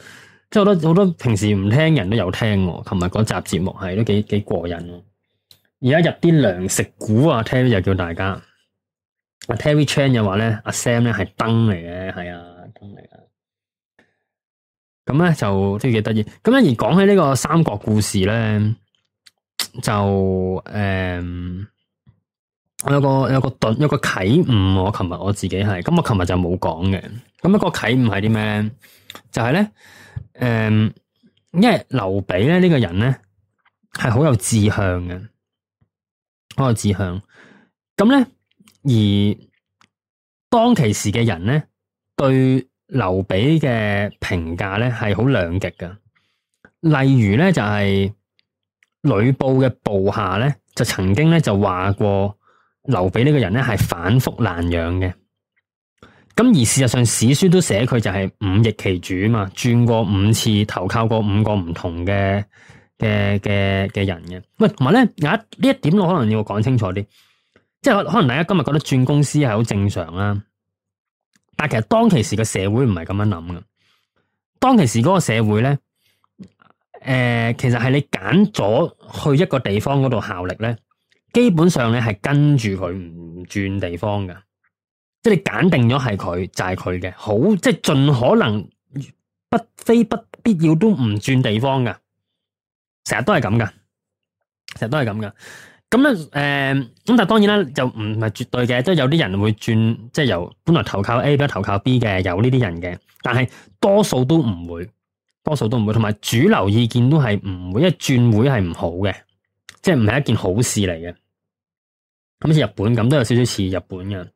即係好多好多平時唔聽人都有聽、哦，琴日嗰集節目係都幾幾過癮。而家入啲糧食股啊，聽日就叫大家。阿、啊、Terry Chan 又話咧，阿、啊、Sam 咧係燈嚟嘅，係啊燈嚟嘅。咁咧就都幾得意。咁樣而講起呢個三國故事咧。就誒、嗯，我有個有個頓有個啟悟，我琴日我自己係，咁我琴日就冇講嘅。咁、那、一個啟悟係啲咩？就係、是、咧，誒、嗯，因為劉備咧呢個人咧係好有志向嘅，好有志向。咁咧而當其時嘅人咧對劉備嘅評價咧係好兩極嘅，例如咧就係、是。呂布嘅部下咧，就曾經咧就話過，劉備呢個人咧係反覆難養嘅。咁而事實上史書都寫佢就係五易其主啊嘛，轉過五次投靠過五個唔同嘅嘅嘅嘅人嘅。喂，同埋咧，有一呢一點我可能要講清楚啲，即係可能大家今日覺得轉公司係好正常啦，但其實當其時個社會唔係咁樣諗嘅，當其時嗰個社會咧。誒、呃，其實係你揀咗去一個地方嗰度效力咧，基本上咧係跟住佢唔轉地方噶，即係你揀定咗係佢就係佢嘅，好即係盡可能不非不必要都唔轉地方噶，成日都係咁噶，成日都係咁噶。咁咧，誒、呃，咁但係當然啦，就唔係絕對嘅，都有啲人會轉，即係由本來投靠 A 比較投靠 B 嘅，有呢啲人嘅，但係多數都唔會。多數都唔會，同埋主流意見都係唔會，因為轉會係唔好嘅，即係唔係一件好事嚟嘅。咁似日本咁，都有少少似日本嘅。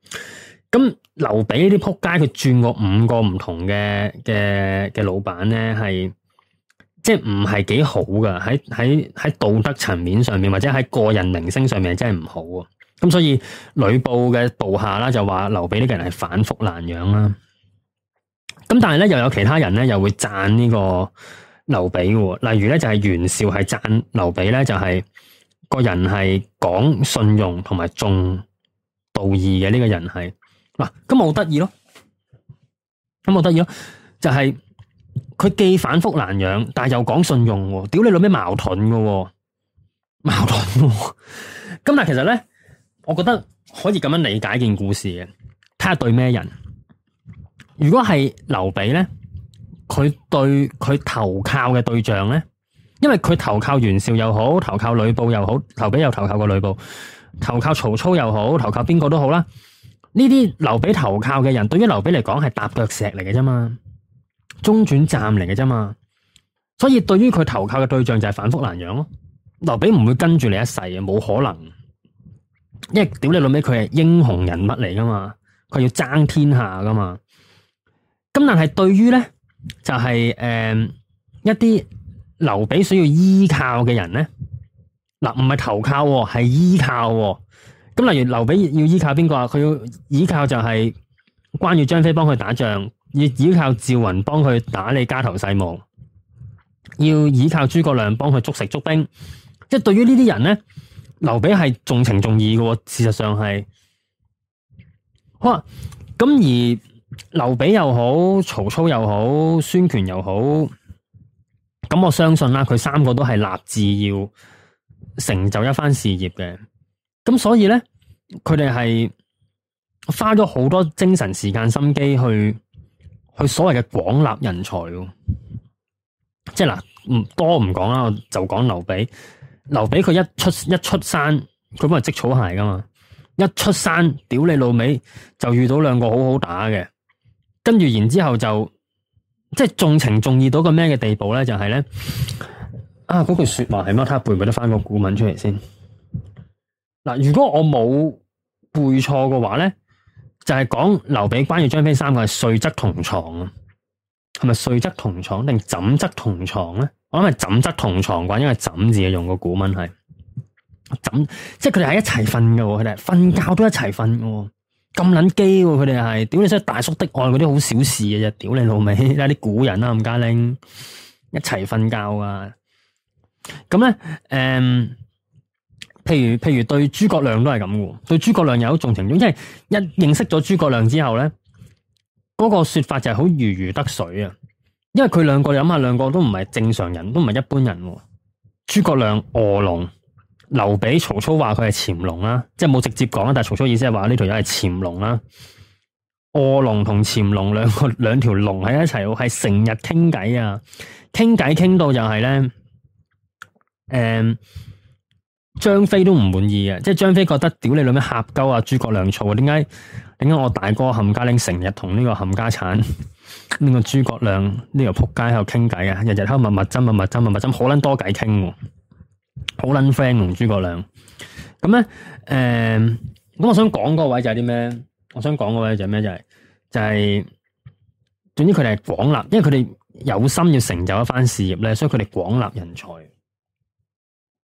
咁劉備呢啲仆街，佢轉過五個唔同嘅嘅嘅老闆咧，係即係唔係幾好噶？喺喺喺道德層面上面，或者喺個人名聲上面，真係唔好啊！咁所以呂布嘅部下啦，就話劉備呢個人係反覆難養啦。咁但係咧，又有其他人咧又會讚呢個劉備嘅，例如咧就係、是、袁紹係讚劉備咧就係、是、個人係講信用同埋重道義嘅呢、這個人係嗱，咁好得意咯，咁好得意咯，就係、是、佢既反覆難養，但係又講信用，屌你老味，矛盾嘅、哦，矛盾嘅、哦，咁但係其實咧，我覺得可以咁樣理解件故事嘅，睇下對咩人。如果係劉備咧，佢對佢投靠嘅對象咧，因為佢投靠袁紹又好，投靠呂布又好，劉備又投靠過呂布，投靠曹操又好，投靠邊個都好啦。呢啲劉備投靠嘅人，對於劉備嚟講係踏腳石嚟嘅啫嘛，中轉站嚟嘅啫嘛。所以對於佢投靠嘅對象就係反覆難養咯。劉備唔會跟住你一世嘅，冇可能。因為屌你老味，佢係英雄人物嚟噶嘛，佢要爭天下噶嘛。咁但係對於呢，就係、是、誒、呃、一啲劉備需要依靠嘅人呢，嗱唔係投靠、哦，係依靠、哦。咁、呃、例如劉備要依靠邊個啊？佢要依靠就係關羽張飛幫佢打仗，要依靠趙雲幫佢打理家頭細務，要依靠諸葛亮幫佢捉食捉兵。即、就、係、是、對於呢啲人呢，劉備係重情重義嘅、哦。事實上係，好、啊！咁而。劉備又好，曹操又好，孫權又好，咁我相信啦，佢三個都係立志要成就一番事業嘅，咁所以咧，佢哋係花咗好多精神時間心機去去所謂嘅廣立人才，即係嗱，唔多唔講啦，啦我就講劉備。劉備佢一出一出山，佢本織草鞋噶嘛，一出山，屌你老味，就遇到兩個好好打嘅。跟住，然之後就即係重情重義到個咩嘅地步咧？就係、是、咧啊！嗰句説話係乜？睇下背唔背得翻個古文出嚟先。嗱，如果我冇背錯嘅話咧，就係、是、講劉備關羽張飛三個係睡則同床」。啊，係咪睡則同床」定枕則同床」咧？我諗係枕則同牀啩，因為枕字用個古文係枕，即係佢哋係一齊瞓嘅，佢哋瞓覺都一齊瞓嘅。咁撚機喎，佢哋係，屌你出大叔的愛嗰啲好小事啊！屌你老味，睇啲古人啦、啊，冚家拎一齊瞓覺啊！咁咧，誒、嗯，譬如譬如對諸葛亮都係咁嘅，對諸葛亮有一種情誼，因為一認識咗諸葛亮之後咧，嗰、那個説法就係好如魚得水啊！因為佢兩個飲下兩個都唔係正常人都唔係一般人喎，諸葛亮卧龍。留俾曹操話佢係潛龍啦，即係冇直接講啦，但係曹操意思係話呢條友係潛龍啦，臥龍同潛龍兩個兩條龍喺一齊，係成日傾偈啊，傾偈傾到就係、是、咧，誒、嗯，張飛都唔滿意嘅，即係張飛覺得屌你兩咩呷鳩啊，諸葛亮吵啊，點解點解我大哥冚家拎成日同呢個冚家鏟呢、這個諸葛亮呢、這個仆街喺度傾偈啊，日日喺度密密針密密針密密針，好捻多偈傾、啊。好撚 friend 同諸葛亮，咁咧，誒、呃，咁我想講嗰位就係啲咩？我想講嗰位就係、是、咩？就係就係，總之佢哋係廣立，因為佢哋有心要成就一番事業咧，所以佢哋廣立人才。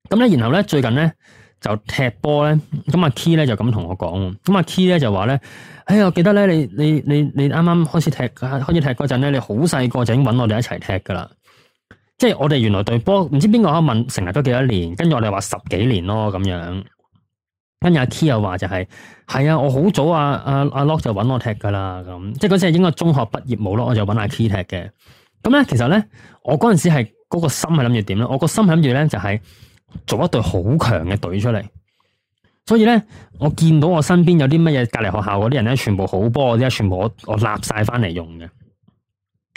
咁咧，然後咧，最近咧就踢波咧，咁阿 Key 咧就咁同我講，咁阿 Key 咧就話咧，哎呀，我記得咧，你你你你啱啱開始踢開始踢嗰陣咧，你好細個就已經揾我哋一齊踢㗎喇。即係我哋原來對波，唔知邊個可能問成立咗幾多年，跟住我哋話十幾年咯咁樣。跟住阿 Key 又話就係、是，係啊，我好早啊，阿、啊、阿、啊啊、Lock 就揾我踢噶啦，咁即係嗰陣應該中學畢業冇咯，我就揾阿 Key 踢嘅。咁咧，其實咧，我嗰陣時係嗰、嗰個心係諗住點咧？我個心諗住咧就係、是、做一隊好強嘅隊出嚟。所以咧，我見到我身邊有啲乜嘢，隔籬學校嗰啲人咧，全部好波嗰啲啊，全部我我攞晒翻嚟用嘅。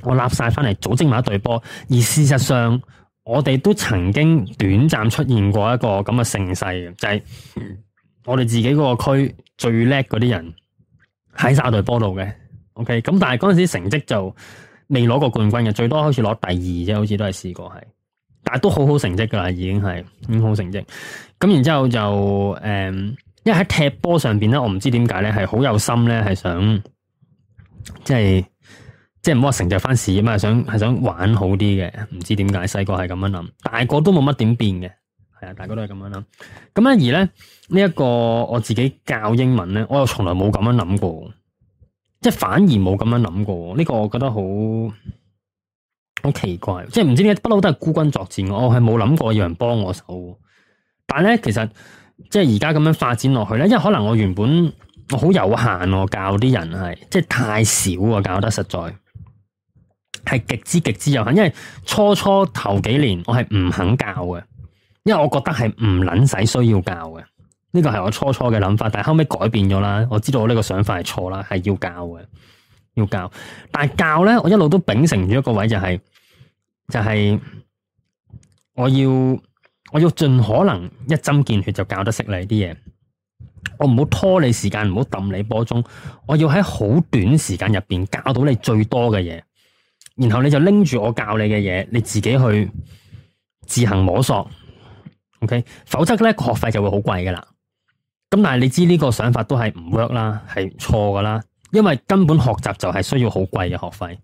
我立晒翻嚟組織埋一隊波，而事實上我哋都曾經短暫出現過一個咁嘅盛勢嘅，就係、是、我哋自己嗰個區最叻嗰啲人喺晒一隊波度嘅。OK，咁但係嗰陣時成績就未攞過冠軍嘅，最多開始攞第二啫，好似都係試過係，但係都好好成績噶啦，已經係已經好成績。咁然之後就誒、嗯，因為喺踢波上邊咧，我唔知點解咧係好有心咧，係想即係。就是即係唔好話成就翻事業嘛，想係想玩好啲嘅，唔知點解細個係咁樣諗，大個都冇乜點變嘅，係啊，大個都係咁樣諗。咁啊而咧呢一個我自己教英文咧，我又從來冇咁樣諗過，即係反而冇咁樣諗過。呢個我覺得好好奇怪，即係唔知點解不嬲都係孤軍作戰，我係冇諗過要人幫我手。但係咧，其實即係而家咁樣發展落去咧，因為可能我原本我好有限，我教啲人係即係太少啊，教得實在。係極之極之有限，因為初初頭幾年我係唔肯教嘅，因為我覺得係唔撚使需要教嘅。呢個係我初初嘅諗法，但係後尾改變咗啦。我知道我呢個想法係錯啦，係要教嘅，要教。但係教咧，我一路都秉承住一個位就係、是、就係、是、我要我要盡可能一針見血就教得識你啲嘢，我唔好拖你時間，唔好揼你波鐘，我要喺好短時間入邊教到你最多嘅嘢。然後你就拎住我教你嘅嘢，你自己去自行摸索，OK，否則咧個學費就會好貴噶啦。咁但係你知呢個想法都係唔 work 啦，係錯噶啦，因為根本學習就係需要好貴嘅學費。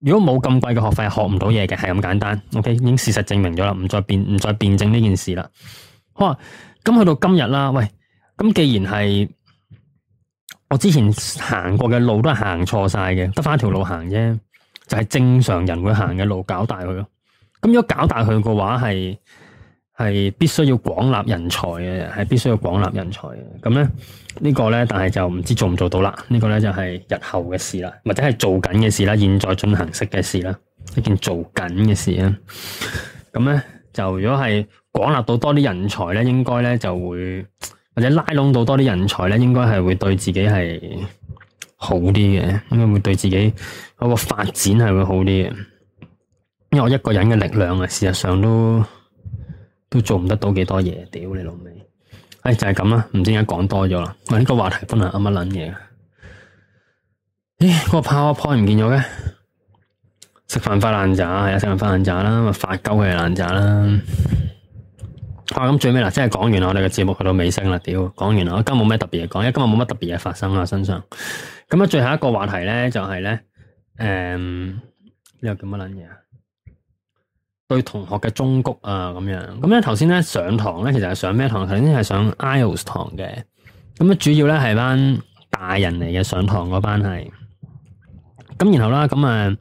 如果冇咁貴嘅學費，學唔到嘢嘅係咁簡單，OK，已經事實證明咗啦，唔再辯唔再辯證呢件事啦。好啊，咁去到今日啦，喂，咁既然係我之前行過嘅路都係行錯晒嘅，得翻一條路行啫。就係正常人會行嘅路，搞大佢咯。咁如果搞大佢嘅話，係係必須要廣納人才嘅，係必須要廣納人才嘅。咁咧呢個咧，但係就唔知做唔做到啦。呢個咧就係日後嘅事啦，或者係做緊嘅事啦，現在進行式嘅事啦，一件做緊嘅事啦。咁咧就如果係廣納到多啲人才咧，應該咧就會或者拉攏到多啲人才咧，應該係會對自己係，好啲嘅，應該會對自己嗰個發展係會好啲嘅，因為我一個人嘅力量啊，事實上都都做唔得到幾多嘢。屌你老味，唉，就係咁啦，唔知點解講多咗啦。我呢個話題本來啱啱捻嘢，咦，嗰個 PowerPoint 唔見咗嘅？食飯發爛渣，係啊食飯發爛渣啦，咪發鳩佢係爛渣啦。啊！咁最尾啦，即係講完我哋嘅節目去到尾聲啦，屌，講完啦，我今日冇咩特別嘢講，因為今日冇乜特別嘢發生啊身上。咁咧，最後一個話題咧就係、是、咧，誒、嗯、呢、這個叫乜撚嘢啊？對同學嘅忠告啊，咁樣。咁咧，頭先咧上堂咧，其實係上咩堂？頭先係上 IELTS 堂嘅。咁咧，主要咧係班大人嚟嘅，上堂嗰班係。咁然後啦，咁、嗯、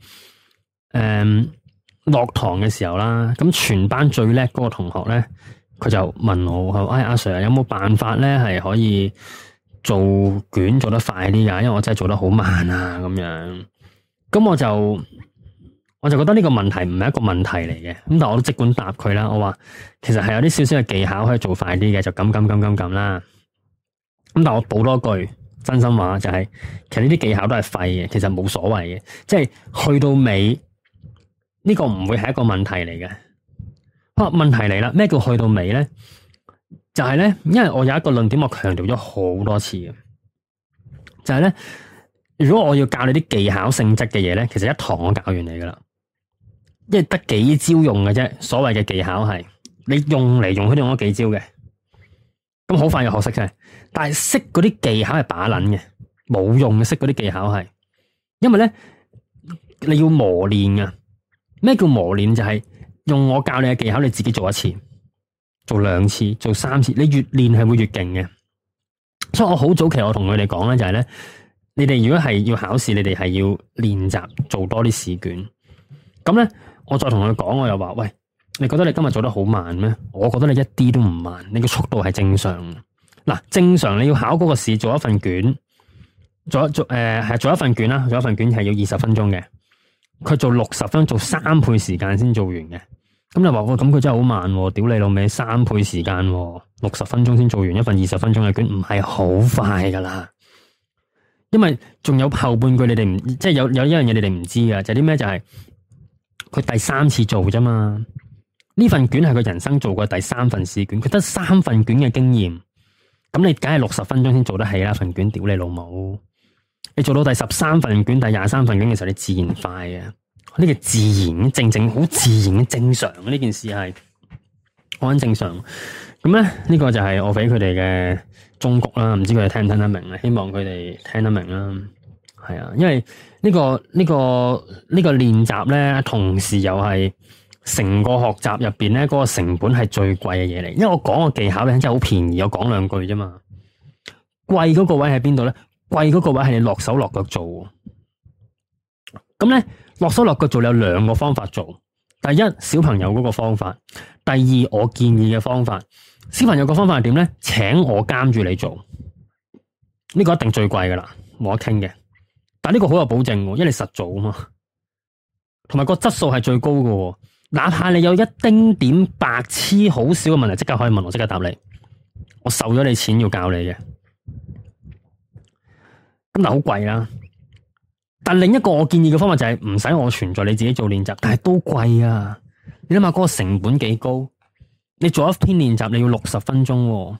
啊，誒，落堂嘅時候啦，咁全班最叻嗰個同學咧，佢就問我，佢話阿 Sir 有冇辦法咧，係可以做卷做得快啲噶因為我真係做得好慢啊，咁樣。咁我就我就覺得呢個問題唔係一個問題嚟嘅。咁但係我都即管答佢啦。我話其實係有啲少少嘅技巧可以做快啲嘅，就咁咁咁咁咁啦。咁但係我補多句真心話，就係、是、其實呢啲技巧都係廢嘅，其實冇所謂嘅。即係去到尾呢、呢個唔會係一個問題嚟嘅。嗰個問題嚟啦，咩叫去到尾咧？就係咧，因為我有一個論點，我強調咗好多次嘅，就係咧，如果我要教你啲技巧性質嘅嘢咧，其實一堂我教完你噶啦，因為得幾招用嘅啫，所謂嘅技巧係你用嚟用去都用咗幾招嘅，咁好快就學識嘅，但係識嗰啲技巧係把捻嘅，冇用嘅，識嗰啲技巧係，因為咧你要磨練嘅，咩叫磨練就係。用我教你嘅技巧，你自己做一次，做兩次，做三次，你越練係會越勁嘅。所以我好早期我同佢哋講咧，就係咧，你哋如果係要考試，你哋係要練習做多啲試卷。咁咧，我再同佢講，我又話：喂，你覺得你今日做得好慢咩？我覺得你一啲都唔慢，你嘅速度係正常。嗱，正常你要考嗰個試，做一份卷，做一做誒，係做一份卷啦，做一份卷係要二十分鐘嘅。佢做六十分，做三倍時間先做完嘅，咁你話我咁佢真係好慢喎，屌你老味，三倍時間喎，六十分鐘先做完一份二十分鐘嘅卷，唔係好快噶啦。因為仲有後半句，你哋唔即係有有一樣嘢，你哋唔知啊，就係啲咩就係、是、佢第三次做啫嘛。呢份卷係佢人生做過第三份試卷，佢得三份卷嘅經驗。咁你梗係六十分鐘先做得起啦份卷，屌你老母！你做到第十三份卷、第廿三份卷嘅時候，你自然快嘅。呢個自然，正正好自然嘅正常。呢件事係我正常。咁咧，呢個就係我俾佢哋嘅忠告啦。唔知佢哋聽唔聽得明啊？希望佢哋聽得明啦。係啊，因為呢個呢個呢個練習咧，同時又係成個學習入邊咧，嗰個成本係最貴嘅嘢嚟。因為我講個技巧咧，真係好便宜，我講兩句啫嘛。貴嗰個位喺邊度咧？貴嗰個位係你落手落腳做，咁咧，落手落腳做你有兩個方法做，第一小朋友嗰個方法，第二我建議嘅方法。小朋友個方法係點咧？請我監住你做，呢個一定最貴噶啦，冇得傾嘅。但呢個好有保證，因為你實做啊嘛，同埋個質素係最高噶，哪怕你有一丁點白痴好少嘅問題，即刻可以問我，即刻答你。我受咗你錢要教你嘅。咁就好貴啦。但另一個我建議嘅方法就係唔使我存在，你自己做練習，但係都貴啊！你諗下嗰個成本幾高？你做一篇練習，你要六十分鐘喎。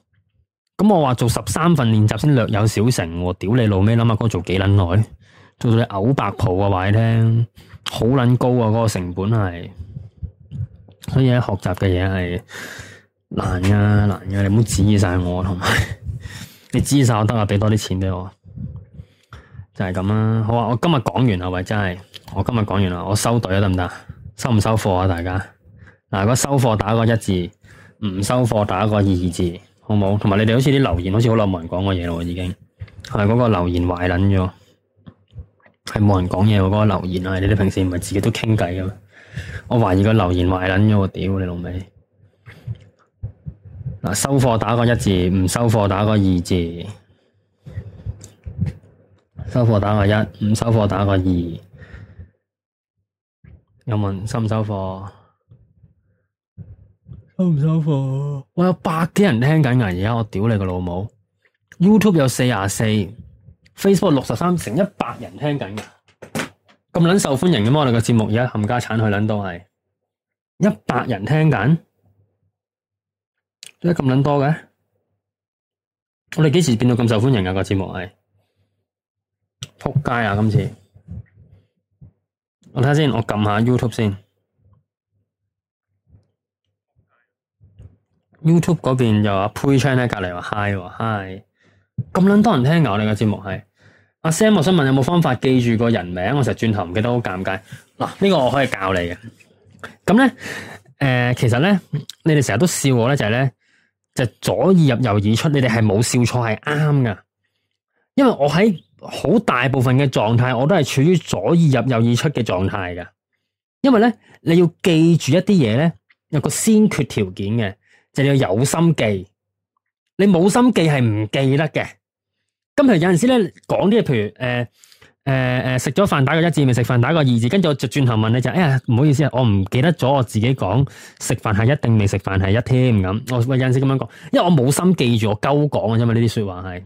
咁我話做十三份練習先略有小成喎。屌你老味，諗下嗰個做幾卵耐？做到你嘔白泡啊！話你聽，好卵高啊！嗰個成本係。所以喺學習嘅嘢，係難啊，難啊。你唔好指意晒我，同埋你指意晒我得啊！畀多啲錢畀我。就係咁啦，好啊！我今日講完啦，喂，真係我今日講完啦，我收隊啊，得唔得？收唔收貨啊？大家嗱，嗰收貨打個一字，唔收貨打個二字，好冇？同埋你哋好似啲留言，好似好耐冇人講過嘢咯，已經係嗰、啊嗰個留言壞撚咗，係冇人講嘢喎！嗰、嗰個留言係你哋平時唔係自己都傾偈嘅咩？我懷疑個留言壞撚咗，我屌你老味！嗱，收貨打個一字，唔收貨打個二字。收貨打個一，唔收貨打個二。有冇人收唔收貨？收唔收貨？我有百幾人聽緊嘅而家，我屌你個老母！YouTube 有四十四，Facebook 六十三，成一百人聽緊嘅啊。咁撚受歡迎嘅咩？我哋個節目而家冚家鏟去撚到係一百人聽緊，點解咁撚多嘅？我哋幾時變到咁受歡迎啊？個節目係。撲街啊！今次我睇下先，我撳下 YouTube 先。YouTube 嗰邊又話，杯窗咧隔籬話嗨，嗨咁撚多人聽我哋嘅節目係阿 Sam。我想問有冇方法記住個人名？我成日轉頭唔記得，好尷尬。嗱，呢個我可以教你嘅。咁咧，誒、呃，其實咧，你哋成日都笑我咧，就係、是、咧，就是、左耳入右耳出，你哋係冇笑錯，係啱噶，因為我喺。好大部分嘅狀態，我都係處於左耳入右耳出嘅狀態嘅，因為咧，你要記住一啲嘢咧，有個先決條件嘅，就你要有心記，你冇心記係唔記得嘅。咁其實有陣時咧講啲嘢，譬如誒誒誒食咗飯打個一字，未食飯打個二字，跟住我就轉頭問你就、哎、呀，唔好意思啊，我唔記得咗我自己講食飯係一定，未食飯係一添咁，我有陣時咁樣講，因為我冇心記住我鳩講啊，因為呢啲說話係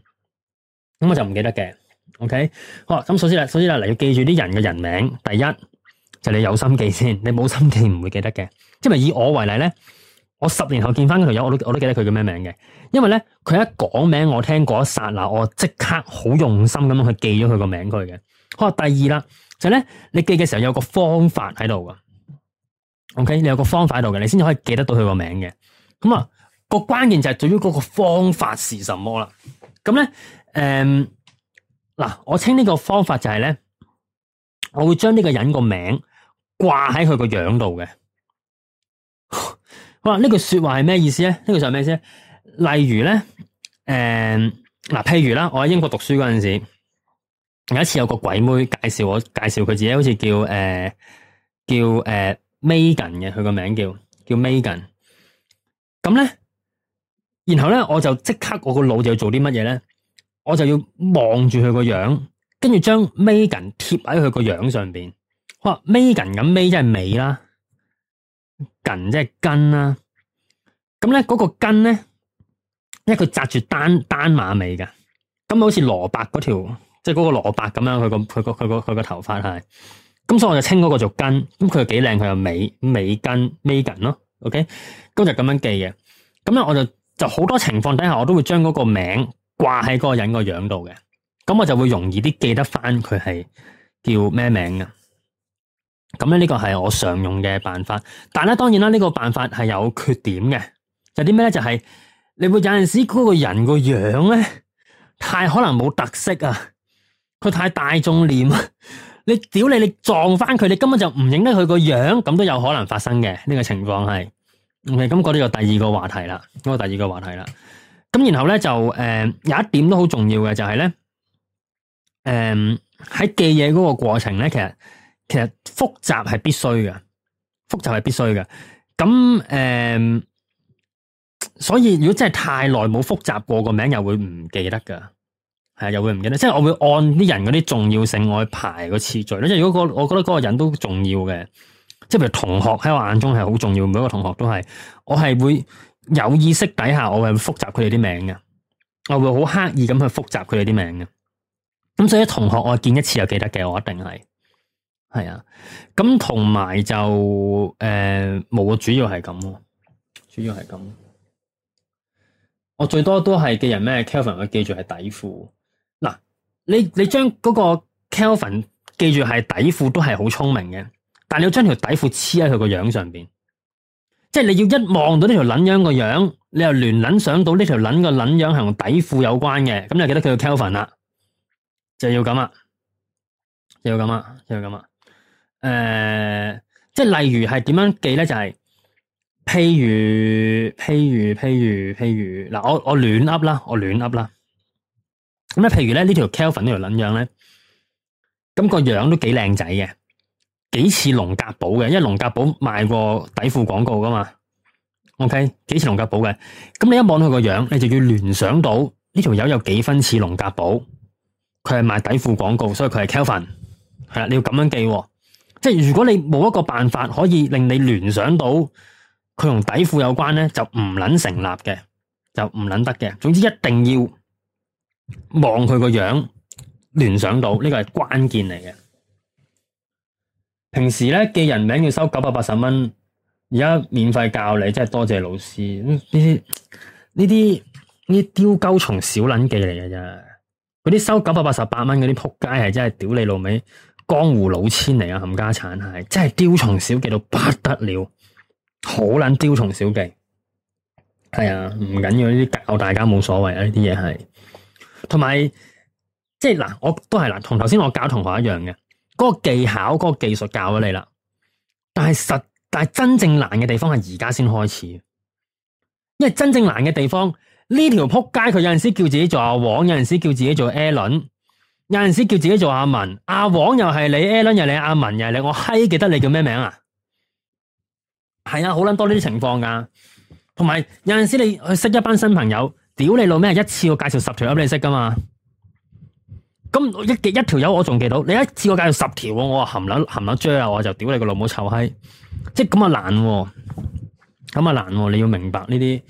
咁我就唔記得嘅。OK，好啦，咁首先啦，首先啦，嚟要記住啲人嘅人名。第一就係你有心記先，你冇心記唔會記得嘅。即係以我為例咧，我十年後見翻嗰條友，我都我都記得佢叫咩名嘅。因為咧，佢一講名我聽嗰一剎那，我即刻好用心咁去記咗佢個名佢嘅。好啦，第二啦，就咧、是、你記嘅時候有個方法喺度嘅。OK，你有個方法喺度嘅，你先至可以記得到佢個名嘅。咁、嗯、啊，個關鍵就係對於嗰個方法是什麼啦。咁咧，誒、嗯。嗱，我稱呢個方法就係、是、咧，我會將呢個人個名掛喺佢個樣度嘅。嗱，呢句說話係咩意思咧？呢句係咩意思先？例如咧，誒，嗱，譬如啦，我喺英國讀書嗰陣時，有一次有一個鬼妹介紹我，介紹佢自己，好似叫誒、呃，叫誒 Megan 嘅，佢、呃、個名叫叫 Megan。咁咧，然後咧，我就即刻我個腦就要做啲乜嘢咧？我就要望住佢個樣，跟住將 Megan 貼喺佢個樣上邊。我話 Megan 咁 m a 即係尾啦，根即係根啦。咁咧嗰個根咧，因為佢扎住單單馬尾嘅，咁好似蘿蔔嗰條，即係嗰個蘿蔔咁樣，佢個佢個佢個佢個頭髮係。咁所以我就稱嗰個做根。咁佢又幾靚，佢又尾尾根 Megan 咯。OK，咁就咁樣記嘅。咁咧我就就好多情況底下，我都會將嗰個名，掛喺嗰個人個樣度嘅，咁我就會容易啲記得翻佢係叫咩名嘅。咁咧呢個係我常用嘅辦法，但係咧當然啦，呢個辦法係有缺點嘅，有啲咩咧就係你會有陣時嗰個人個樣咧太可能冇特色啊，佢太大眾臉啊，你屌你你撞翻佢，你根本就唔認得佢個樣，咁都有可能發生嘅呢個情況係。OK，咁講有第二個話題啦，咁啊第二個話題啦。咁然後咧就誒、呃，有一點都好重要嘅就係、是、咧，誒、呃、喺記嘢嗰個過程咧，其實其實複習係必須嘅，複習係必須嘅。咁誒、呃，所以如果真係太耐冇複習過個名又，又會唔記得噶，係又會唔記得。即係我會按啲人嗰啲重要性，我去排個次序咯。即係如果我我覺得嗰個人都重要嘅，即係譬如同學喺我眼中係好重要，每一個同學都係，我係會。有意識底下，我會復習佢哋啲名嘅，我會好刻意咁去復習佢哋啲名嘅。咁所以同學，我見一次就記得嘅，我一定係，係啊。咁同埋就誒，冇、呃、啊，主要係咁咯，主要係咁。我最多都係記人咩？Kelvin，我記住係底褲。嗱，你你將嗰個 Kelvin 記住係底褲都係好聰明嘅，但你要將條底褲黐喺佢個樣上邊。即係你要一望到呢條撚樣個樣，你又聯想到呢條撚個撚樣係同底褲有關嘅，咁你記得佢叫 Kelvin 啦，就要咁啦，就要咁啦，就要咁啦。誒、呃，即係例如係點樣記咧？就係譬如譬如譬如譬如嗱，我我亂噏啦，我亂噏啦。咁咧，譬如咧呢條 Kelvin 呢條撚樣咧，咁個樣都幾靚仔嘅。幾似龍格寶嘅，因為龍格寶賣過底褲廣告噶嘛，OK，幾似龍格寶嘅，咁你一望到佢個樣，你就要聯想到呢條友有幾分似龍格寶，佢係賣底褲廣告，所以佢係 Calvin，係啦，你要咁樣記喎，即係如果你冇一個辦法可以令你聯想到佢同底褲有關咧，就唔捻成立嘅，就唔捻得嘅，總之一定要望佢個樣聯想到，呢個係關鍵嚟嘅。平時咧記人名要收九百八十蚊，而家免費教你，真係多謝老師。呢呢啲呢雕鳩蟲小撚技嚟嘅啫，嗰啲收九百八十八蚊嗰啲仆街係真係屌你老味，江湖老千嚟啊，冚家鏟係，真係雕蟲小技到不得了，好撚雕蟲小技。係啊，唔緊要呢啲教大家冇所謂啊，呢啲嘢係。同埋即係嗱，我都係啦，同頭先我教同學一樣嘅。嗰個技巧、嗰、嗰個技術教咗你啦，但係實，但係真正難嘅地方係而家先開始，因為真正難嘅地方呢條扑街佢有陣時叫自己做阿黃，有陣時叫自己做 Alan 有陣時叫自己做阿文，阿黃又係你 Alan 又係你，阿文又係你，我閪記得你叫咩名啊？係啊，好捻多呢啲情況噶，同埋有陣時你去識一班新朋友，屌你老味，一次我介紹十條友畀你識噶嘛。咁我一記一條友，我仲記到你一次我介紹十條，我話含撚含撚追啊，我就屌你個老母臭閪！即係咁啊難，咁啊難，你要明白呢啲，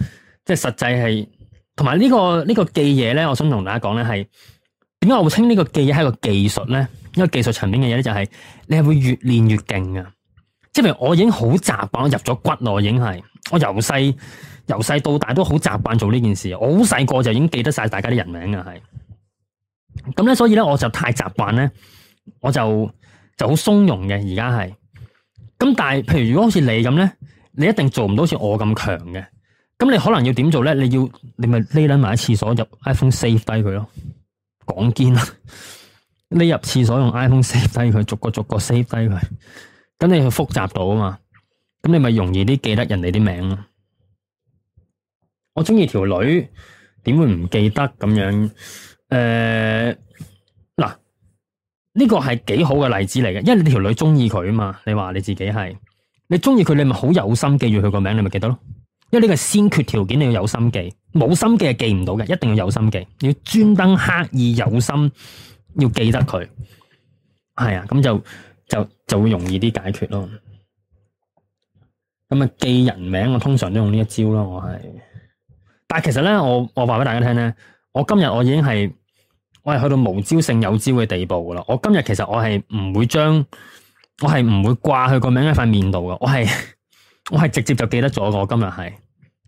即係實際係同埋呢個呢個記嘢咧。我想同大家講咧，係點解我會稱呢個記嘢係一個技術咧？因為技術層面嘅嘢咧，就係你係會越練越勁噶。即係譬如我已經好習慣，入咗骨咯，已經係我由細由細到大都好習慣做呢件事。我好細個就已經記得晒大家啲人名啊，係。咁咧，所以咧，我就太習慣咧，我就就好鬆容嘅。而家係，咁但係，譬如如果好似你咁咧，你一定做唔到好似我咁強嘅。咁你可能要點做咧？你要你咪匿捻埋喺廁所入 iPhone save 低佢咯，講堅啦，匿入廁所用 iPhone save 低佢，逐個逐個 save 低佢。咁你去複雜到啊嘛，咁你咪容易啲記得人哋啲名咯。我中意條女，點會唔記得咁樣？誒，嗱、呃，呢、這個係幾好嘅例子嚟嘅，因為你條女中意佢啊嘛，你話你自己係，你中意佢，你咪好有心記住佢個名，你咪記得咯。因為呢個先決條件你要有心記，冇心記係記唔到嘅，一定要有心記，要專登刻意有心要記得佢，係啊，咁就就就會容易啲解決咯。咁啊，記人名我通常都用呢一招咯，我係。但係其實咧，我我話俾大家聽咧，我今日我已經係。我係去到無招勝有招嘅地步噶啦！我今日其實我係唔會將，我係唔會掛佢個名喺塊面度噶。我係我係直接就記得咗，我今日係，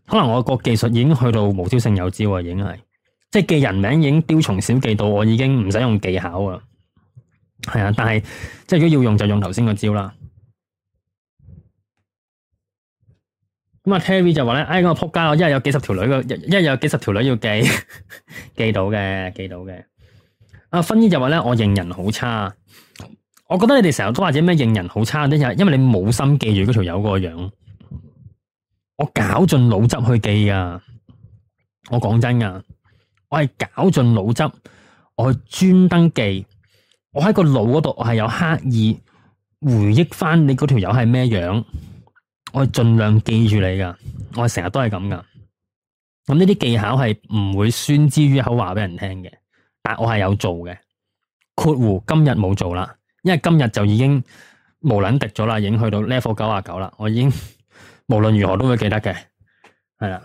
可能我個技術已經去到無招勝有招，已經係即係記人名已經雕蟲小技到，我已經唔使用，用技巧啊！係啊，但係即係如果要用就用頭先個招啦。咁啊 Terry 就話咧，哎，我、那個、仆街，我一日有幾十條女，一日有幾十條女要記，記到嘅，記到嘅。阿芬姨就話咧，我認人好差。我覺得你哋成日都話自己咩認人好差啲，就係因為你冇心記住嗰條友個樣。我絞盡腦汁去記噶。我講真噶，我係絞盡腦汁，我係專登記。我喺個腦嗰度，我係有刻意回憶翻你嗰條友係咩樣。我係盡量記住你噶，我成日都係咁噶。咁呢啲技巧係唔會宣之於口話畀人聽嘅。我係有做嘅，括弧今日冇做啦，因為今日就已經無諗滴咗啦，已經去到 level 九啊九啦，我已經無論如何都會記得嘅，係啦。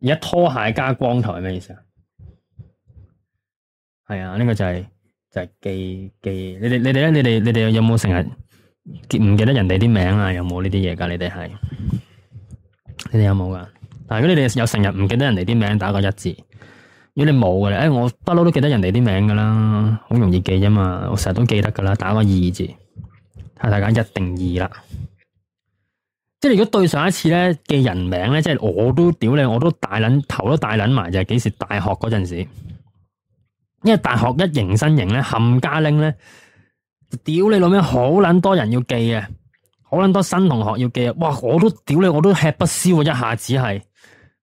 而家拖鞋加光頭係咩意思啊？係啊，呢個就係就係記記，你哋你哋咧，你哋你哋有冇成日記唔記得人哋啲名啊？有冇呢啲嘢噶？你哋係，你哋有冇噶？但係如果你哋有成日唔記得人哋啲名，打個一字。如果你冇嘅咧，哎、欸，我不嬲都記得人哋啲名噶啦，好容易記啫嘛，我成日都記得噶啦，打個二字，睇下大家一定二啦。即係如果對上一次咧記人名咧，即係我都屌你，我都大撚頭都大撚埋就係、是，幾時大學嗰陣時，因為大學一迎新迎咧冚家拎咧，屌你老味好撚多人要記啊，好撚多新同學要記啊，哇，我都屌你，我都吃不消啊，一下子係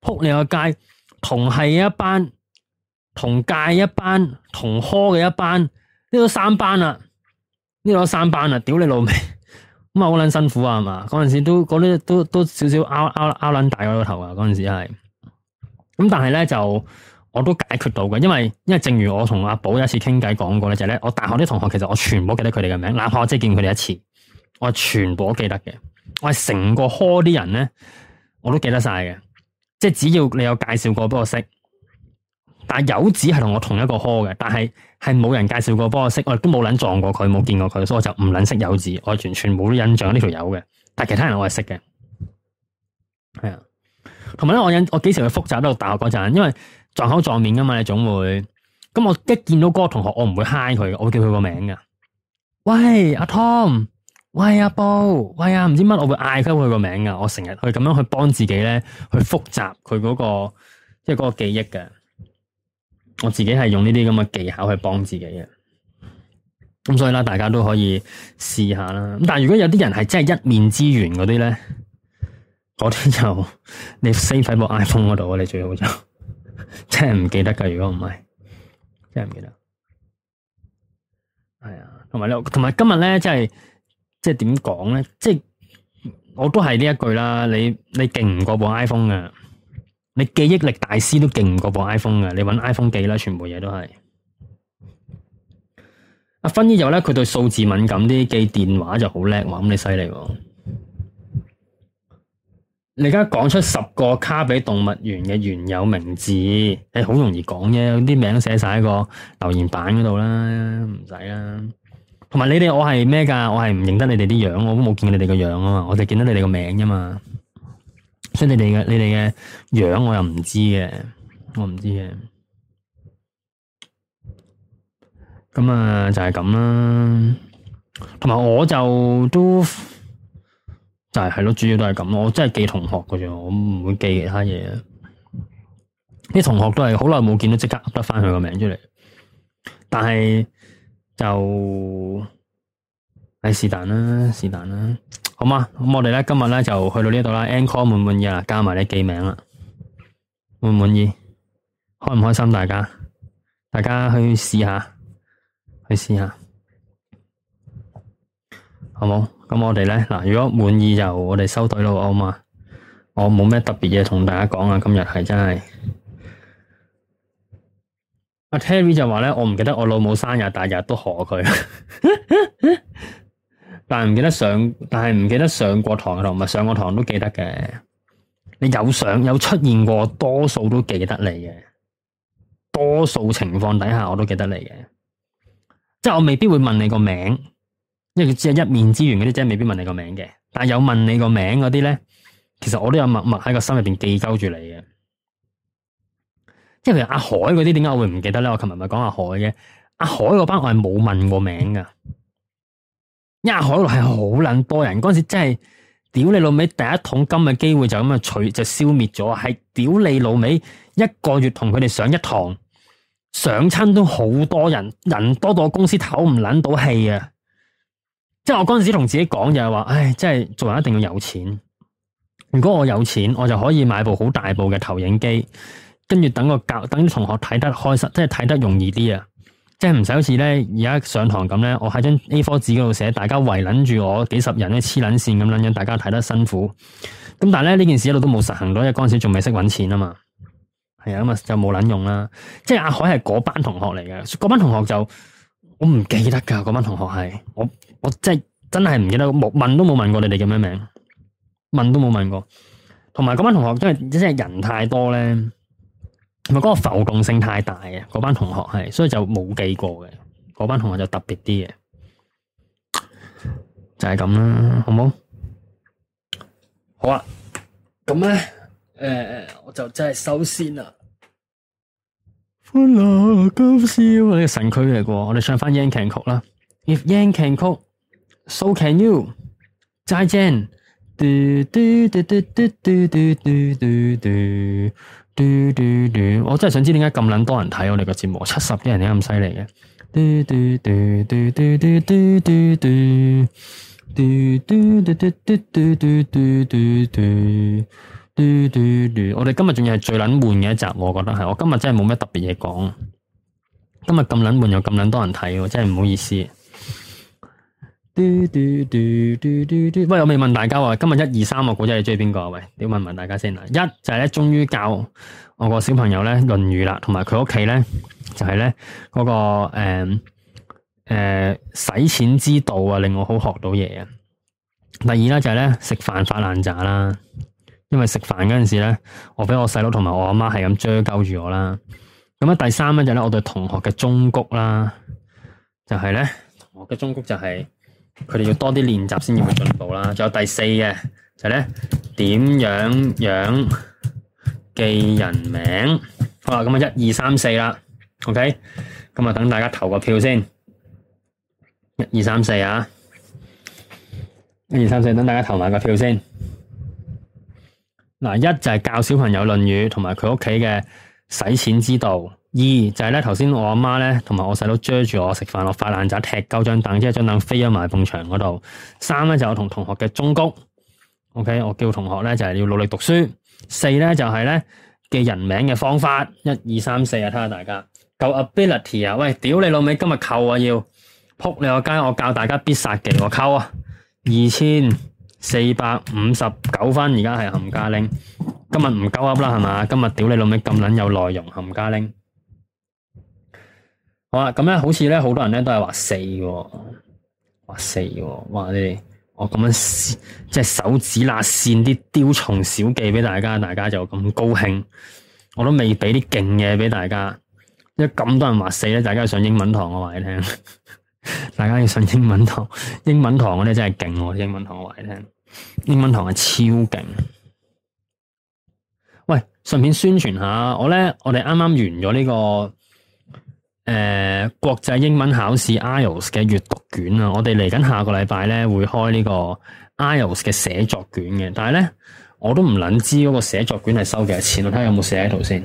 扑你個街，同係一班。同屆一班，同科嘅一班，呢度三班啦，呢度三班啦，屌你老味，咁啊好撚辛苦啊，係嘛？嗰陣時都啲都都，都，都少少拗拗拗撚大我個頭啊！嗰陣時係，咁但係咧就，我都解決到嘅，因為因為正如我同阿寶有一次傾偈講過咧，就係咧，我大學啲同學其實我全部都記得佢哋嘅名，哪怕我只係見佢哋一次，我全部都記得嘅，我係成個科啲人咧，我都記得晒嘅，即係只要你有介紹過，畀我識。但係友子係同我同一個科嘅，但係係冇人介紹過幫我識，我亦都冇撚撞過佢，冇見過佢，所以我就唔撚識友子，我完全冇印象呢條友嘅。但係其他人我係識嘅，係啊，同埋咧，我忍我幾時去復習咧？都大學嗰陣，因為撞口撞面噶嘛，你總會咁，我一見到嗰個同學，我唔會嗨佢嘅，我會叫佢個名噶。喂，阿、啊、Tom，喂阿 b 布，啊 Bo, 喂啊，唔知乜，我會嗌佢佢個名噶。我成日去咁樣去幫自己咧，去復習佢嗰個即係嗰個記憶嘅。我自己係用呢啲咁嘅技巧去幫自己嘅，咁所以啦，大家都可以試下啦。咁但係如果有啲人係真係一面之緣嗰啲咧，嗰啲就你 save 喺部 iPhone 嗰度，你最好就 真係唔記得噶。如果唔係，真係唔記得。係、哎、啊，同埋你同埋今日咧，真係即係點講咧？即係我都係呢一句啦。你你勁唔過部 iPhone 㗎。你記憶力大師都勁唔過部 iPhone 噶，你搵 iPhone 記啦，全部嘢都係。阿芬姨又咧，佢對數字敏感，啲記電話就好叻喎。咁你犀利喎！你而家講出十個卡比動物園嘅原有名字，你好容易講啫，啲名都寫晒喺個留言版嗰度啦，唔使啦。同埋你哋，我係咩噶？我係唔認得你哋啲樣，我都冇見你哋個樣啊嘛，我就見到你哋個名啫嘛。所以你哋嘅你哋嘅樣我又唔知嘅，我唔知嘅。咁啊，就係咁啦。同埋我就都就係係咯，主要都係咁。我真係記同學嘅啫，我唔會記其他嘢。啲同學都係好耐冇見到，即刻得翻佢個名出嚟。但係就係是但啦，是但啦。好嘛，咁我哋咧今日咧就去到呢度啦。Encore 滿唔滿意啊？加埋你記名啦，滿唔滿意？開唔開心？大家，大家去試下，去試下，好冇？咁我哋咧嗱，如果滿意就我哋收隊咯，好嗎？我冇咩特別嘢同大家講啊，今日係真係。阿 Terry 就話咧，我唔記得我老母生日，但日日都賀佢。但係唔記得上，但係唔記得上過堂，同埋上過堂都記得嘅。你有上有出現過，多數都記得你嘅。多數情況底下，我都記得你嘅。即係我未必會問你個名，因為佢只係一面之緣嗰啲，即係未必問你個名嘅。但係有問你個名嗰啲咧，其實我都有默默喺個心入邊記鳩住你嘅。即係譬如阿海嗰啲，點解我會唔記得咧？我琴日咪講阿海嘅，阿海嗰班我係冇問過名噶。亞海路係好撚多人，嗰陣時真係屌你老味。第一桶金嘅機會就咁啊，除就消滅咗，係屌你老味，一個月同佢哋上一堂，上親都好多人，人多到我公司唞唔撚到氣啊！即係我嗰陣時同自己講就係話說，唉，即係做人一定要有錢。如果我有錢，我就可以買部好大部嘅投影機，跟住等個教等啲同學睇得開心，即係睇得容易啲啊！即係唔使好似咧，而家上堂咁咧，我喺張 A4 紙嗰度寫，大家圍撚住我，幾十人咧黐捻線咁樣，大家睇得辛苦。咁但係咧，呢件事一路都冇實行到，因為嗰陣時仲未識搵錢啊嘛。係啊，咁啊就冇捻用啦。即係阿海係嗰班同學嚟嘅，嗰班同學就我唔記得噶，嗰班同學係我，我真真係唔記得，問都冇問過你哋叫咩名，問都冇問過。同埋嗰班同學，因為真係人太多咧。咪嗰個浮動性太大嘅嗰班同學係，所以就冇記過嘅嗰班同學就特別啲嘅，就係咁啦，好冇？好啊，咁咧，誒，我就真係收線喇，歡樂今宵嘅神曲嚟嘅喎，我哋唱翻《Yan》曲啦，《If Yan》曲，So Can You，再見，Do Do Do Do Do Do 嘟嘟嘟，我真係想知點解咁撚多人睇我哋個節目，七十幾人點解咁犀利嘅？嘟嘟嘟嘟嘟嘟嘟嘟嘟嘟嘟嘟嘟嘟嘟嘟，我哋今日仲要係最撚悶嘅一集，我覺得係我今日真係冇咩特別嘢講，今日咁撚悶又咁撚多人睇，真係唔好意思。嘟嘟嘟嘟嘟嘟喂！我未問大家啊，今日一二三我估仔你中意邊個？喂，你問一問大家先啦。一就係咧，終於教我個小朋友咧《論語》啦，同埋佢屋企咧就係咧嗰個誒誒使錢之道啊，令我好學到嘢啊。第二啦就係咧食飯發爛渣啦，因為食飯嗰陣時咧，我俾我細佬同埋我阿媽係咁追究住我啦。咁啊第三咧就係咧我對同學嘅忠告啦，就係咧同學嘅忠告就係。佢哋要多啲練習先至會進步啦。仲有第四嘅就係咧，點樣樣記人名？好啊，咁啊，一二三四啦，OK。咁啊，等大家投個票先。一二三四啊，一二三四，等大家投埋個票先。嗱，一就係教小朋友論語同埋佢屋企嘅使錢之道。二就係、是、咧，頭先我阿媽咧，同埋我細佬追住我食飯，我發爛渣踢夠張凳，即係張凳飛咗埋埲牆嗰度。三咧就是、我同同學嘅忠告，OK，我叫同學咧就係、是、要努力讀書。四咧就係咧嘅人名嘅方法，一二三四啊，睇下大家。夠噏 ability 啊，喂，屌你老味，今日扣我要扑你個街，我教大家必殺技，我扣啊，二千四百五十九分，而家係冚家拎，今日唔夠噏啦係嘛？今日屌你老味，咁捻有內容，冚家拎。好啦，咁樣好似咧，好多人咧都係話四，話四，話四、哦、話你，我咁樣即係手指拉線啲雕蟲小技俾大家，大家就咁高興。我都未俾啲勁嘢俾大家，因為咁多人話四咧，大家要上英文堂、啊，我話你聽，大家要上英文堂，英文堂嗰啲真係勁、啊，英文堂我話你聽，英文堂係超勁。喂，順便宣傳下，我咧，我哋啱啱完咗呢、這個。誒、呃，國際英文考試 IELTS 嘅閱讀卷啊，我哋嚟緊下個禮拜咧會開呢個 IELTS 嘅寫作卷嘅，但係咧我都唔撚知嗰個寫作卷係收幾多錢，我睇下有冇寫喺度先。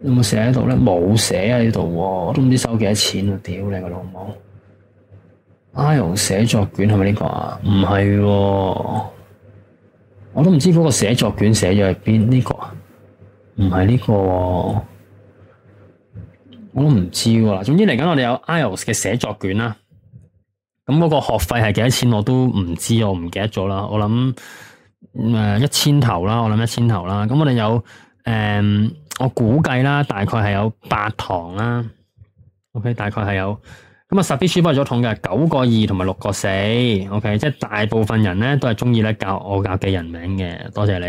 有冇寫喺度咧？冇寫喺度，我都唔知收幾多錢啊！屌你個老母，IELTS 寫作卷係咪呢個啊？唔係、哦，我都唔知嗰個寫作卷寫咗喺邊呢個啊？唔係呢個。我都唔知喎，總之嚟緊我哋有 IELTS 嘅寫作卷啦，咁嗰個學費係幾多錢我都唔知，我唔記得咗啦。我諗誒一千頭啦，我諗一千頭啦。咁我哋有誒、嗯，我估計啦，大概係有八堂啦。OK，大概係有咁啊，十篇書包咗桶嘅九個二同埋六個四。O K，即係大部分人咧都係中意咧教我教嘅人名嘅。多謝你。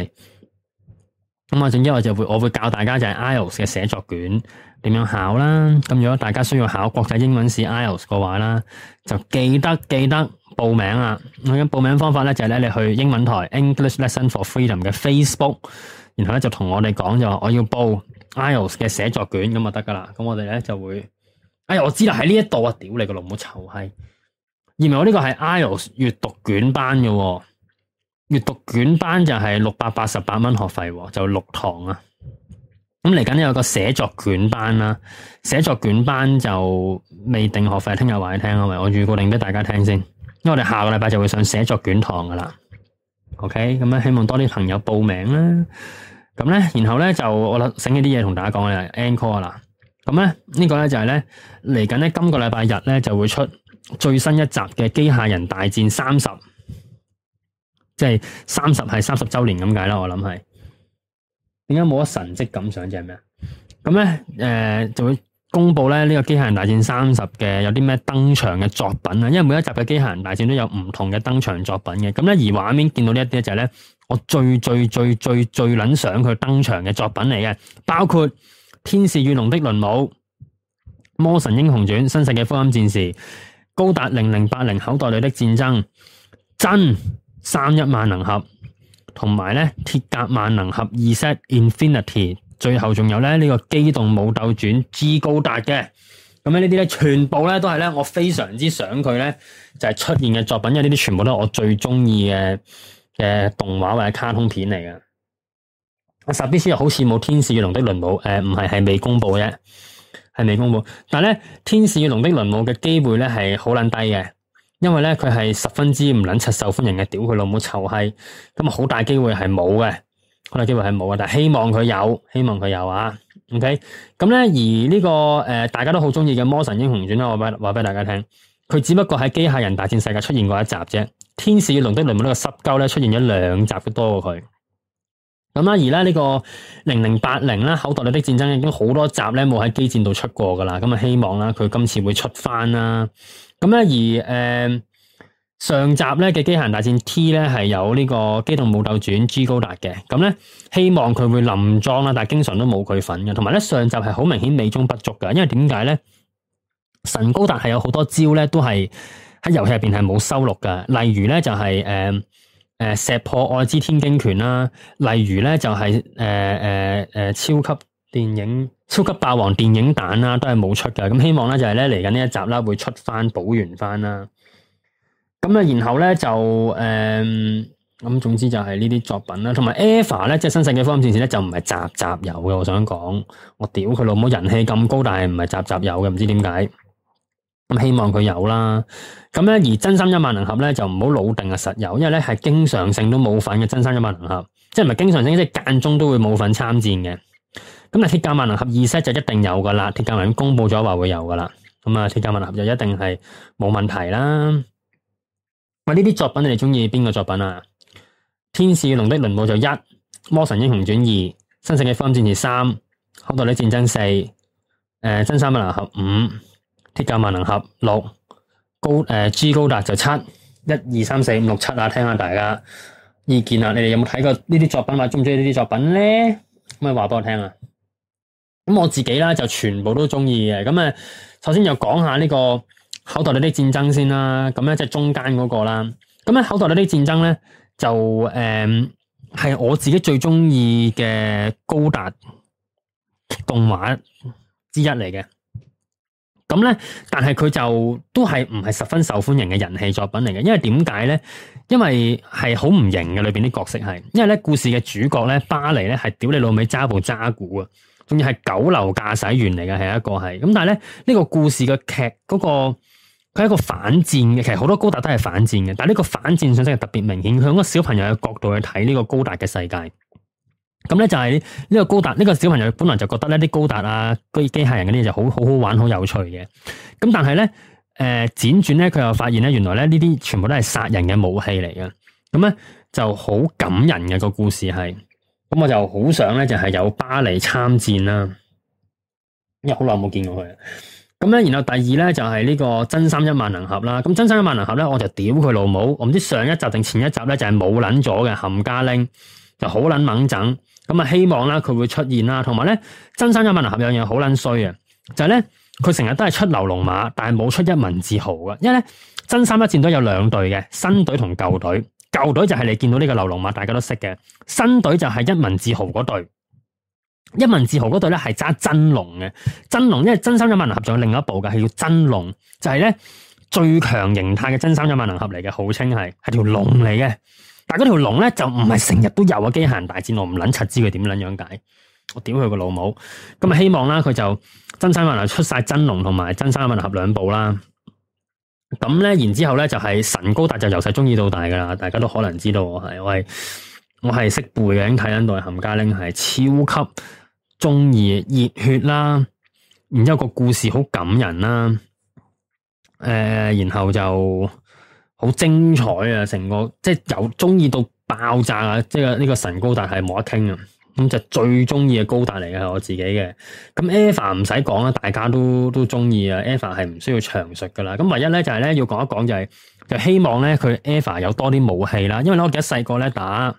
咁啊，總之我就會我會教大家就係 IELTS 嘅寫作卷。點樣考啦？咁如果大家需要考國際英文試 IELTS 嘅話啦，就記得記得報名啊！咁報名方法咧就係咧你去英文台 English Lesson for Freedom 嘅 Facebook，然後咧就同我哋講就我要報 IELTS 嘅寫作卷咁就得噶啦。咁我哋咧就會，哎呀我知道喺呢一度啊，屌你個老母臭閪，原來我呢個係 IELTS 閱讀卷班嘅，啊，閱讀卷班就係六百八十八蚊學費，啊，就六堂啊。咁嚟緊有個寫作卷班啦，寫作卷班就未定學費，聽日話你聽啊，咪我預告定俾大家聽先，因為我哋下個禮拜就會上寫作卷堂噶啦，OK，咁咧希望多啲朋友報名啦，咁咧然後咧就我諗醒起啲嘢同大家講嘅，anchor 啦，咁咧呢個咧就係咧嚟緊咧今個禮拜日咧就會出最新一集嘅機械人大戰三十，即係三十係三十週年咁解啦，我諗係。點解冇乜神迹感想？就係咩啊？咁咧，誒、呃，就會公布咧呢、這個《機械人大戰三十》嘅有啲咩登場嘅作品啊！因為每一集嘅《機械人大戰》都有唔同嘅登場作品嘅。咁咧，而畫面見到呢一啲就係咧，我最最最最最諗想佢登場嘅作品嚟嘅，包括《天使與龍的輪舞》、《魔神英雄傳》、《新世紀福音戰士》、《高達零零八零》、《口袋裏的戰爭》、《真三一萬能俠》。同埋咧，鐵甲萬能俠 Z Infinity，最後仲有咧呢個機動武鬥傳 G 高達嘅，咁咧呢啲咧全部咧都係咧我非常之想佢咧就係出現嘅作品，因為呢啲全部都係我最中意嘅嘅動畫或者卡通片嚟嘅。阿薩比斯好似冇《天使與龍的輪舞》，誒唔係係未公布啫，係未公布。但係咧《天使與龍的輪舞》嘅機會咧係好撚低嘅。因為咧佢係十分之唔捻七受歡迎嘅，屌佢老母臭閪，咁好大機會係冇嘅，好大機會係冇嘅，但係希望佢有，希望佢有啊，OK？咁咧而呢、這個誒、呃，大家都好中意嘅《魔神英雄傳》咧，我俾話俾大家聽，佢只不過喺《機械人大戰世界》出現過一集啫，《天使與龍的輪舞》呢個濕鳩咧出現咗兩集都多過佢。咁啊，而咧呢個零零八零啦，口袋裏的戰爭已經好多集咧冇喺機戰度出過噶啦，咁啊希望啦佢今次會出返啦。咁咧而誒、呃、上集咧嘅機械人大戰 T 咧係有呢個機動武鬥傳 G 高達嘅，咁咧希望佢會臨裝啦，但係經常都冇佢份嘅。同埋咧上集係好明顯美中不足嘅，因為點解咧神高達係有好多招咧都係喺遊戲入邊係冇收錄嘅，例如咧就係、是、誒。呃誒、呃，石破愛之天驚拳啦，例如咧就係誒誒誒超級電影、超級霸王電影蛋啦，都係冇出嘅。咁希望咧就係咧嚟緊呢一集啦，會出翻補完翻啦。咁啊，然後咧就誒，咁、呃、總之就係呢啲作品啦，同埋 Eva 咧，即係新世紀福音戰士咧，就唔係集集有嘅。我想講，我屌佢老母人氣咁高，但係唔係集集有嘅，唔知點解。咁希望佢有啦，咁咧而真三一萬能俠咧就唔好老定係實有，因為咧係經常性都冇份嘅真三一萬能俠，即係唔係經常性，即係間中都會冇份參戰嘅。咁啊，鐵甲萬能俠二 set 就一定有噶啦，鐵甲萬公布咗話會有噶啦，咁啊鐵甲萬能俠就一定係冇問題啦。喂，呢啲作品你哋中意邊個作品啊？《天使龍的輪舞》就一，《魔神英雄傳》二，《新世紀福音戰士》三，《口袋的戰爭》四，《誒真三一萬能俠》五。鐵甲萬能俠六高誒、呃、，G 高達就七一二三四五六七啊！聽下大家意見啦，你哋有冇睇過呢啲作品啊？中唔中意呢啲作品咧？咁啊，話俾我聽啊！咁我自己啦，就全部都中意嘅。咁啊，首先就講下呢、這個口袋裏啲戰爭先啦。咁咧，即、就、係、是、中間嗰個啦。咁咧，口袋裏啲戰爭咧，就誒係、呃、我自己最中意嘅高達動畫之一嚟嘅。咁咧，但係佢就都係唔係十分受歡迎嘅人氣作品嚟嘅，因為點解咧？因為係好唔型嘅，裏邊啲角色係，因為咧故事嘅主角咧，巴黎咧係屌你老味揸部揸古啊，仲要係九樓駕駛員嚟嘅係一個係咁，但係咧呢個故事嘅劇嗰個佢係一個反戰嘅，其實好多高達都係反戰嘅，但係呢個反戰信息係特別明顯，佢向個小朋友嘅角度去睇呢個高達嘅世界。咁咧就係呢個高達呢，這個小朋友本來就覺得呢啲高達啊，嗰啲機械人嗰啲嘢就好好好玩，好有趣嘅。咁但係咧，誒輾轉咧，佢又發現咧，原來咧呢啲全部都係殺人嘅武器嚟嘅。咁咧就好感人嘅，這個故事係。咁我就好想咧就係、是、有巴黎參戰啦，因為好耐冇見過佢。咁咧然後第二咧就係、是、呢個真三一萬能俠啦。咁真三一萬能俠咧我就屌佢老母，我唔知上一集定前一集咧就係冇捻咗嘅冚家拎，就好捻猛整。咁啊，希望啦佢會出現啦，同埋咧真三一萬能俠有樣好撚衰啊，就係咧佢成日都係出流龍馬，但係冇出一文字豪嘅，因為咧真三一戰都有兩隊嘅，新隊同舊隊，舊隊就係你見到呢個流龍馬大家都識嘅，新隊就係一文字豪嗰隊，一文字豪嗰隊咧係揸真龍嘅，真龍因為真三一萬能俠仲有另一部嘅，係叫真龍，就係咧最強形態嘅真三一萬能俠嚟嘅，號稱係係條龍嚟嘅。但嗰條龍咧就唔係成日都有啊！機械人大戰我唔捻柒知佢點捻樣解？我屌佢個老母！咁、嗯、啊，嗯、希望啦，佢就真山萬奴出晒真龍同埋真山萬合兩部啦。咁咧，然之後咧就係、是、神高達就由細中意到大噶啦，大家都可能知道我，係我係我係識背影，睇緊代冚家拎，係超級中意熱血啦。然之後個故事好感人啦。誒、呃，然後就。好精彩啊！成個即係由中意到爆炸啊！即係呢個神高達係冇得傾啊！咁、嗯、就是、最中意嘅高達嚟嘅係我自己嘅。咁 EVA 唔使講啦，大家都都中意啊。EVA 係唔需要詳述噶啦。咁唯一咧就係、是、咧要講一講就係、是、就希望咧佢 EVA 有多啲武器啦。因為咧我記得細個咧打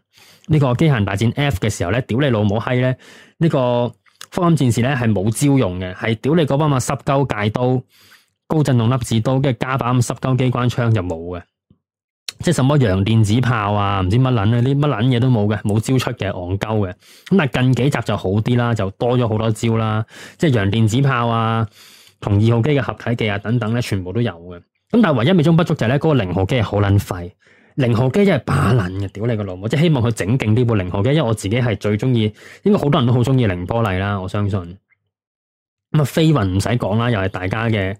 呢個《機械大戰 F》嘅時候咧，屌你老母閪咧呢、這個福音戰士咧係冇招用嘅，係屌你嗰班乜濕鳩戒刀。高震動粒子刀，跟住加把咁濕鳩機關槍就冇嘅，即係什麼陽電子炮啊，唔知乜捻咧，啲乜捻嘢都冇嘅，冇招出嘅，戇鳩嘅。咁但係近幾集就好啲啦，就多咗好多招啦，即係陽電子炮啊，同二號機嘅合體技啊等等咧，全部都有嘅。咁但係唯一美中不足就係咧，嗰個零號機係好捻廢，零號機真係把捻嘅，屌你個老母，即係希望佢整勁啲部零號機，因為我自己係最中意，應該好多人都好中意凌波麗啦，我相信。咁啊，飛雲唔使講啦，又係大家嘅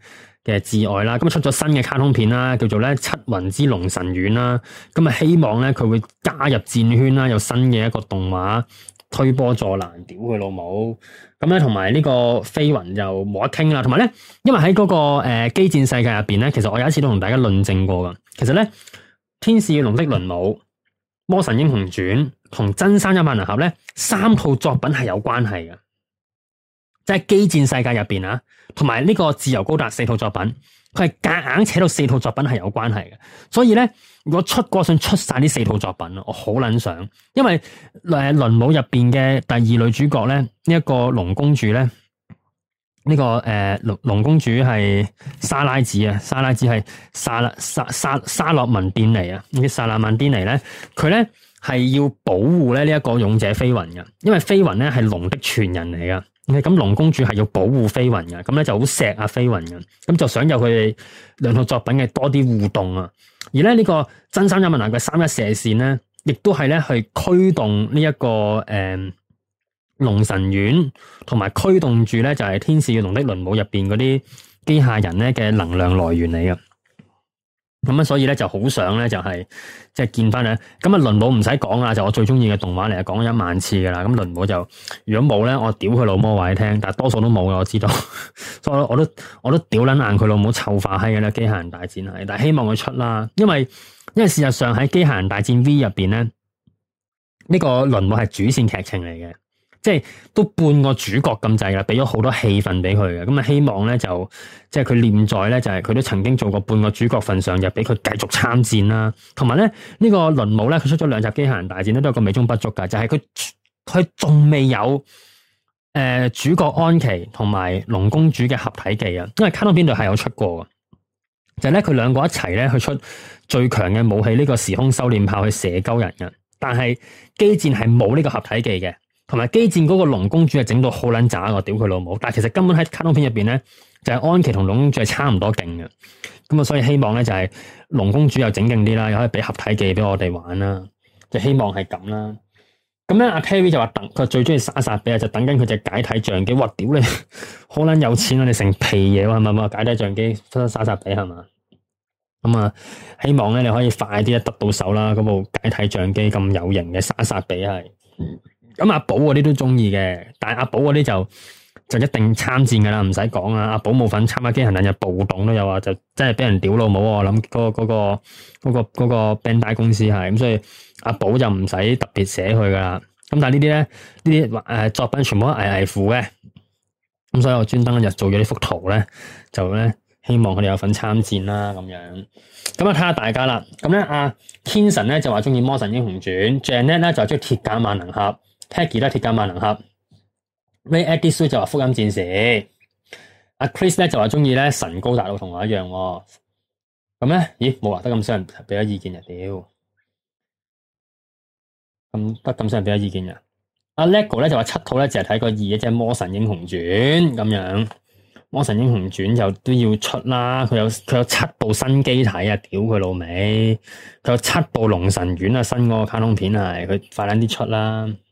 嘅摯愛啦。咁啊，出咗新嘅卡通片啦，叫做咧《七雲之龍神丸》啦。咁啊，希望咧佢會加入戰圈啦，有新嘅一個動畫推波助瀾，屌佢老母！咁咧，同埋呢個飛雲就冇得傾啦。同埋咧，因為喺嗰個誒、呃、機戰世界入邊咧，其實我有一次都同大家論證過㗎。其實咧，《天使龍的輪舞》《魔神英雄傳》同《真三一萬能俠》咧，三套作品係有關係嘅。即係機戰世界入邊啊，同埋呢個自由高達四套作品，佢係夾硬扯到四套作品係有關係嘅。所以咧，我出過想出晒呢四套作品啊，我好撚想。因為誒、呃，《輪舞》入邊嘅第二女主角咧，呢、這、一個龍公主咧，呢、這個誒龍、呃、龍公主係莎拉子啊，莎拉子係沙拉沙沙沙洛文迪尼啊，呢個沙拉曼迪尼咧，佢咧係要保護咧呢一個勇者飛雲嘅，因為飛雲咧係龍的傳人嚟噶。咁龍公主係要保護飛雲嘅，咁咧就好錫阿飛雲嘅，咁就想有佢哋兩套作品嘅多啲互動啊。而咧呢個真三文娜嘅三一射線咧，亦都係咧去驅動呢、這、一個誒龍、呃、神丸，同埋驅動住咧就係天使與龍的輪舞入邊嗰啲機械人咧嘅能量來源嚟嘅。咁樣所以咧就好想咧就係、是、即係見翻咧咁啊，輪舞唔使講啦，就我最中意嘅動畫嚟啊，講咗一萬次噶啦。咁輪舞就如果冇咧，我屌佢老母話你聽，但係多數都冇嘅我知道 所以我都我都屌捻硬佢老母臭化閪嘅咧機械人大戰係，但係希望佢出啦，因為因為事實上喺機械人大戰 V 入邊咧呢個輪舞係主線劇情嚟嘅。即係都半個主角咁滯啦，俾咗好多戲份俾佢嘅，咁啊希望咧就即係佢念在咧，就係、是、佢都曾經做過半個主角份上，就俾佢繼續參戰啦。同埋咧呢、這個輪舞咧，佢出咗兩集《機械人大戰》咧，都係一個美中不足嘅，就係佢佢仲未有誒、呃、主角安琪同埋龍公主嘅合體技啊，因為卡通片度係有出過嘅，就係咧佢兩個一齊咧去出最強嘅武器呢、這個時空修煉炮去射鳩人嘅，但係機戰係冇呢個合體技嘅。同埋機戰嗰個龍公主係整到好撚渣喎，屌佢老母！但係其實根本喺卡通片入邊咧，就係安琪同龍公主係差唔多勁嘅。咁啊，所以希望咧就係龍公主又整勁啲啦，又可以俾合體技俾我哋玩啦。就希望係咁啦。咁咧，阿 Kerry 就話等佢最中意沙沙比啊，就等緊佢隻解體象機。哇，屌你，好撚有錢啊！你成皮嘢喎，係咪嘛？解體象機出得沙沙比係嘛？咁啊、嗯，希望咧你可以快啲啊得到手啦！嗰部解體象機咁有型嘅沙沙比係。咁阿寶嗰啲都中意嘅，但係阿寶嗰啲就就一定參戰嘅啦，唔使講啊！阿寶冇份參加機械人日暴動都有啊，就真係俾人屌老母啊！諗嗰嗰個嗰個嗰個嗰個 Bandai 公司係咁，所以阿寶就唔使特別寫佢噶啦。咁但係呢啲咧，呢啲誒作品全部都危危乎嘅，咁所以我專登就做咗呢幅圖咧，就咧希望佢哋有份參戰啦咁樣。咁啊，睇下大家啦，咁咧阿天神咧就話中意魔神英雄傳，Jeanette 咧就中意鐵甲萬能俠。Taggy 啦，鐵甲萬能俠；Ray Eddie Sue 就話福音戰士；阿 Chris 咧就話鍾意咧神高大佬同我一樣喎。咁咧，咦冇啊？得咁少人俾咗意見嘅，屌、嗯！咁得咁少人俾咗意見嘅。阿 Leggo 咧就話七套咧淨係睇過二，一係魔神英雄傳咁樣。魔神英雄傳就都要出啦，佢有佢有七部新機體啊！屌佢老味，佢有七部龍神丸啊！新嗰個卡通片啊，佢快啲出啦～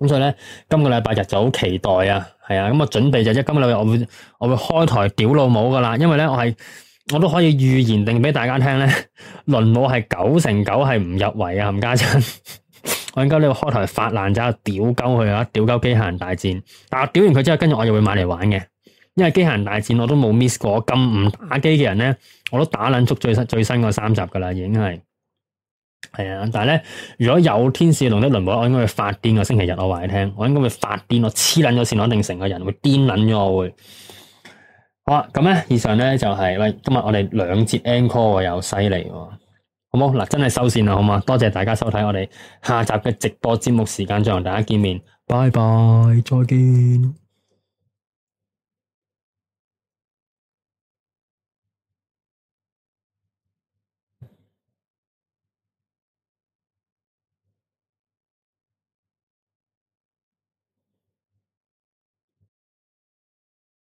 咁所以咧，今個禮拜日就好期待啊，係啊，咁我準備就即今個禮拜我會我會開台屌老母噶啦，因為咧我係我都可以預言定俾大家聽咧，輪 我係九成九係唔入圍啊，冚家鏟，我應該呢個開台發爛渣，屌鳩佢啊，屌鳩機械人大戰，但係屌完佢之後，跟住我就會買嚟玩嘅，因為機械人大戰我都冇 miss 過，我咁唔打機嘅人咧，我都打撚足最最新嗰三集噶啦，已經係。係啊，但係咧，如果有天使龍的輪舞，我應該會發癲喎，星期日，我話你聽，我應該會發癲，我黐捻咗線，我一定成個人會癲捻咗，我會好啦。咁咧，以上咧就係、是、喂，今日我哋兩節安哥又犀利，好唔好嗱？真係收線啦，好嘛？多謝大家收睇，我哋下集嘅直播節目時間再同大家見面，拜拜，再見。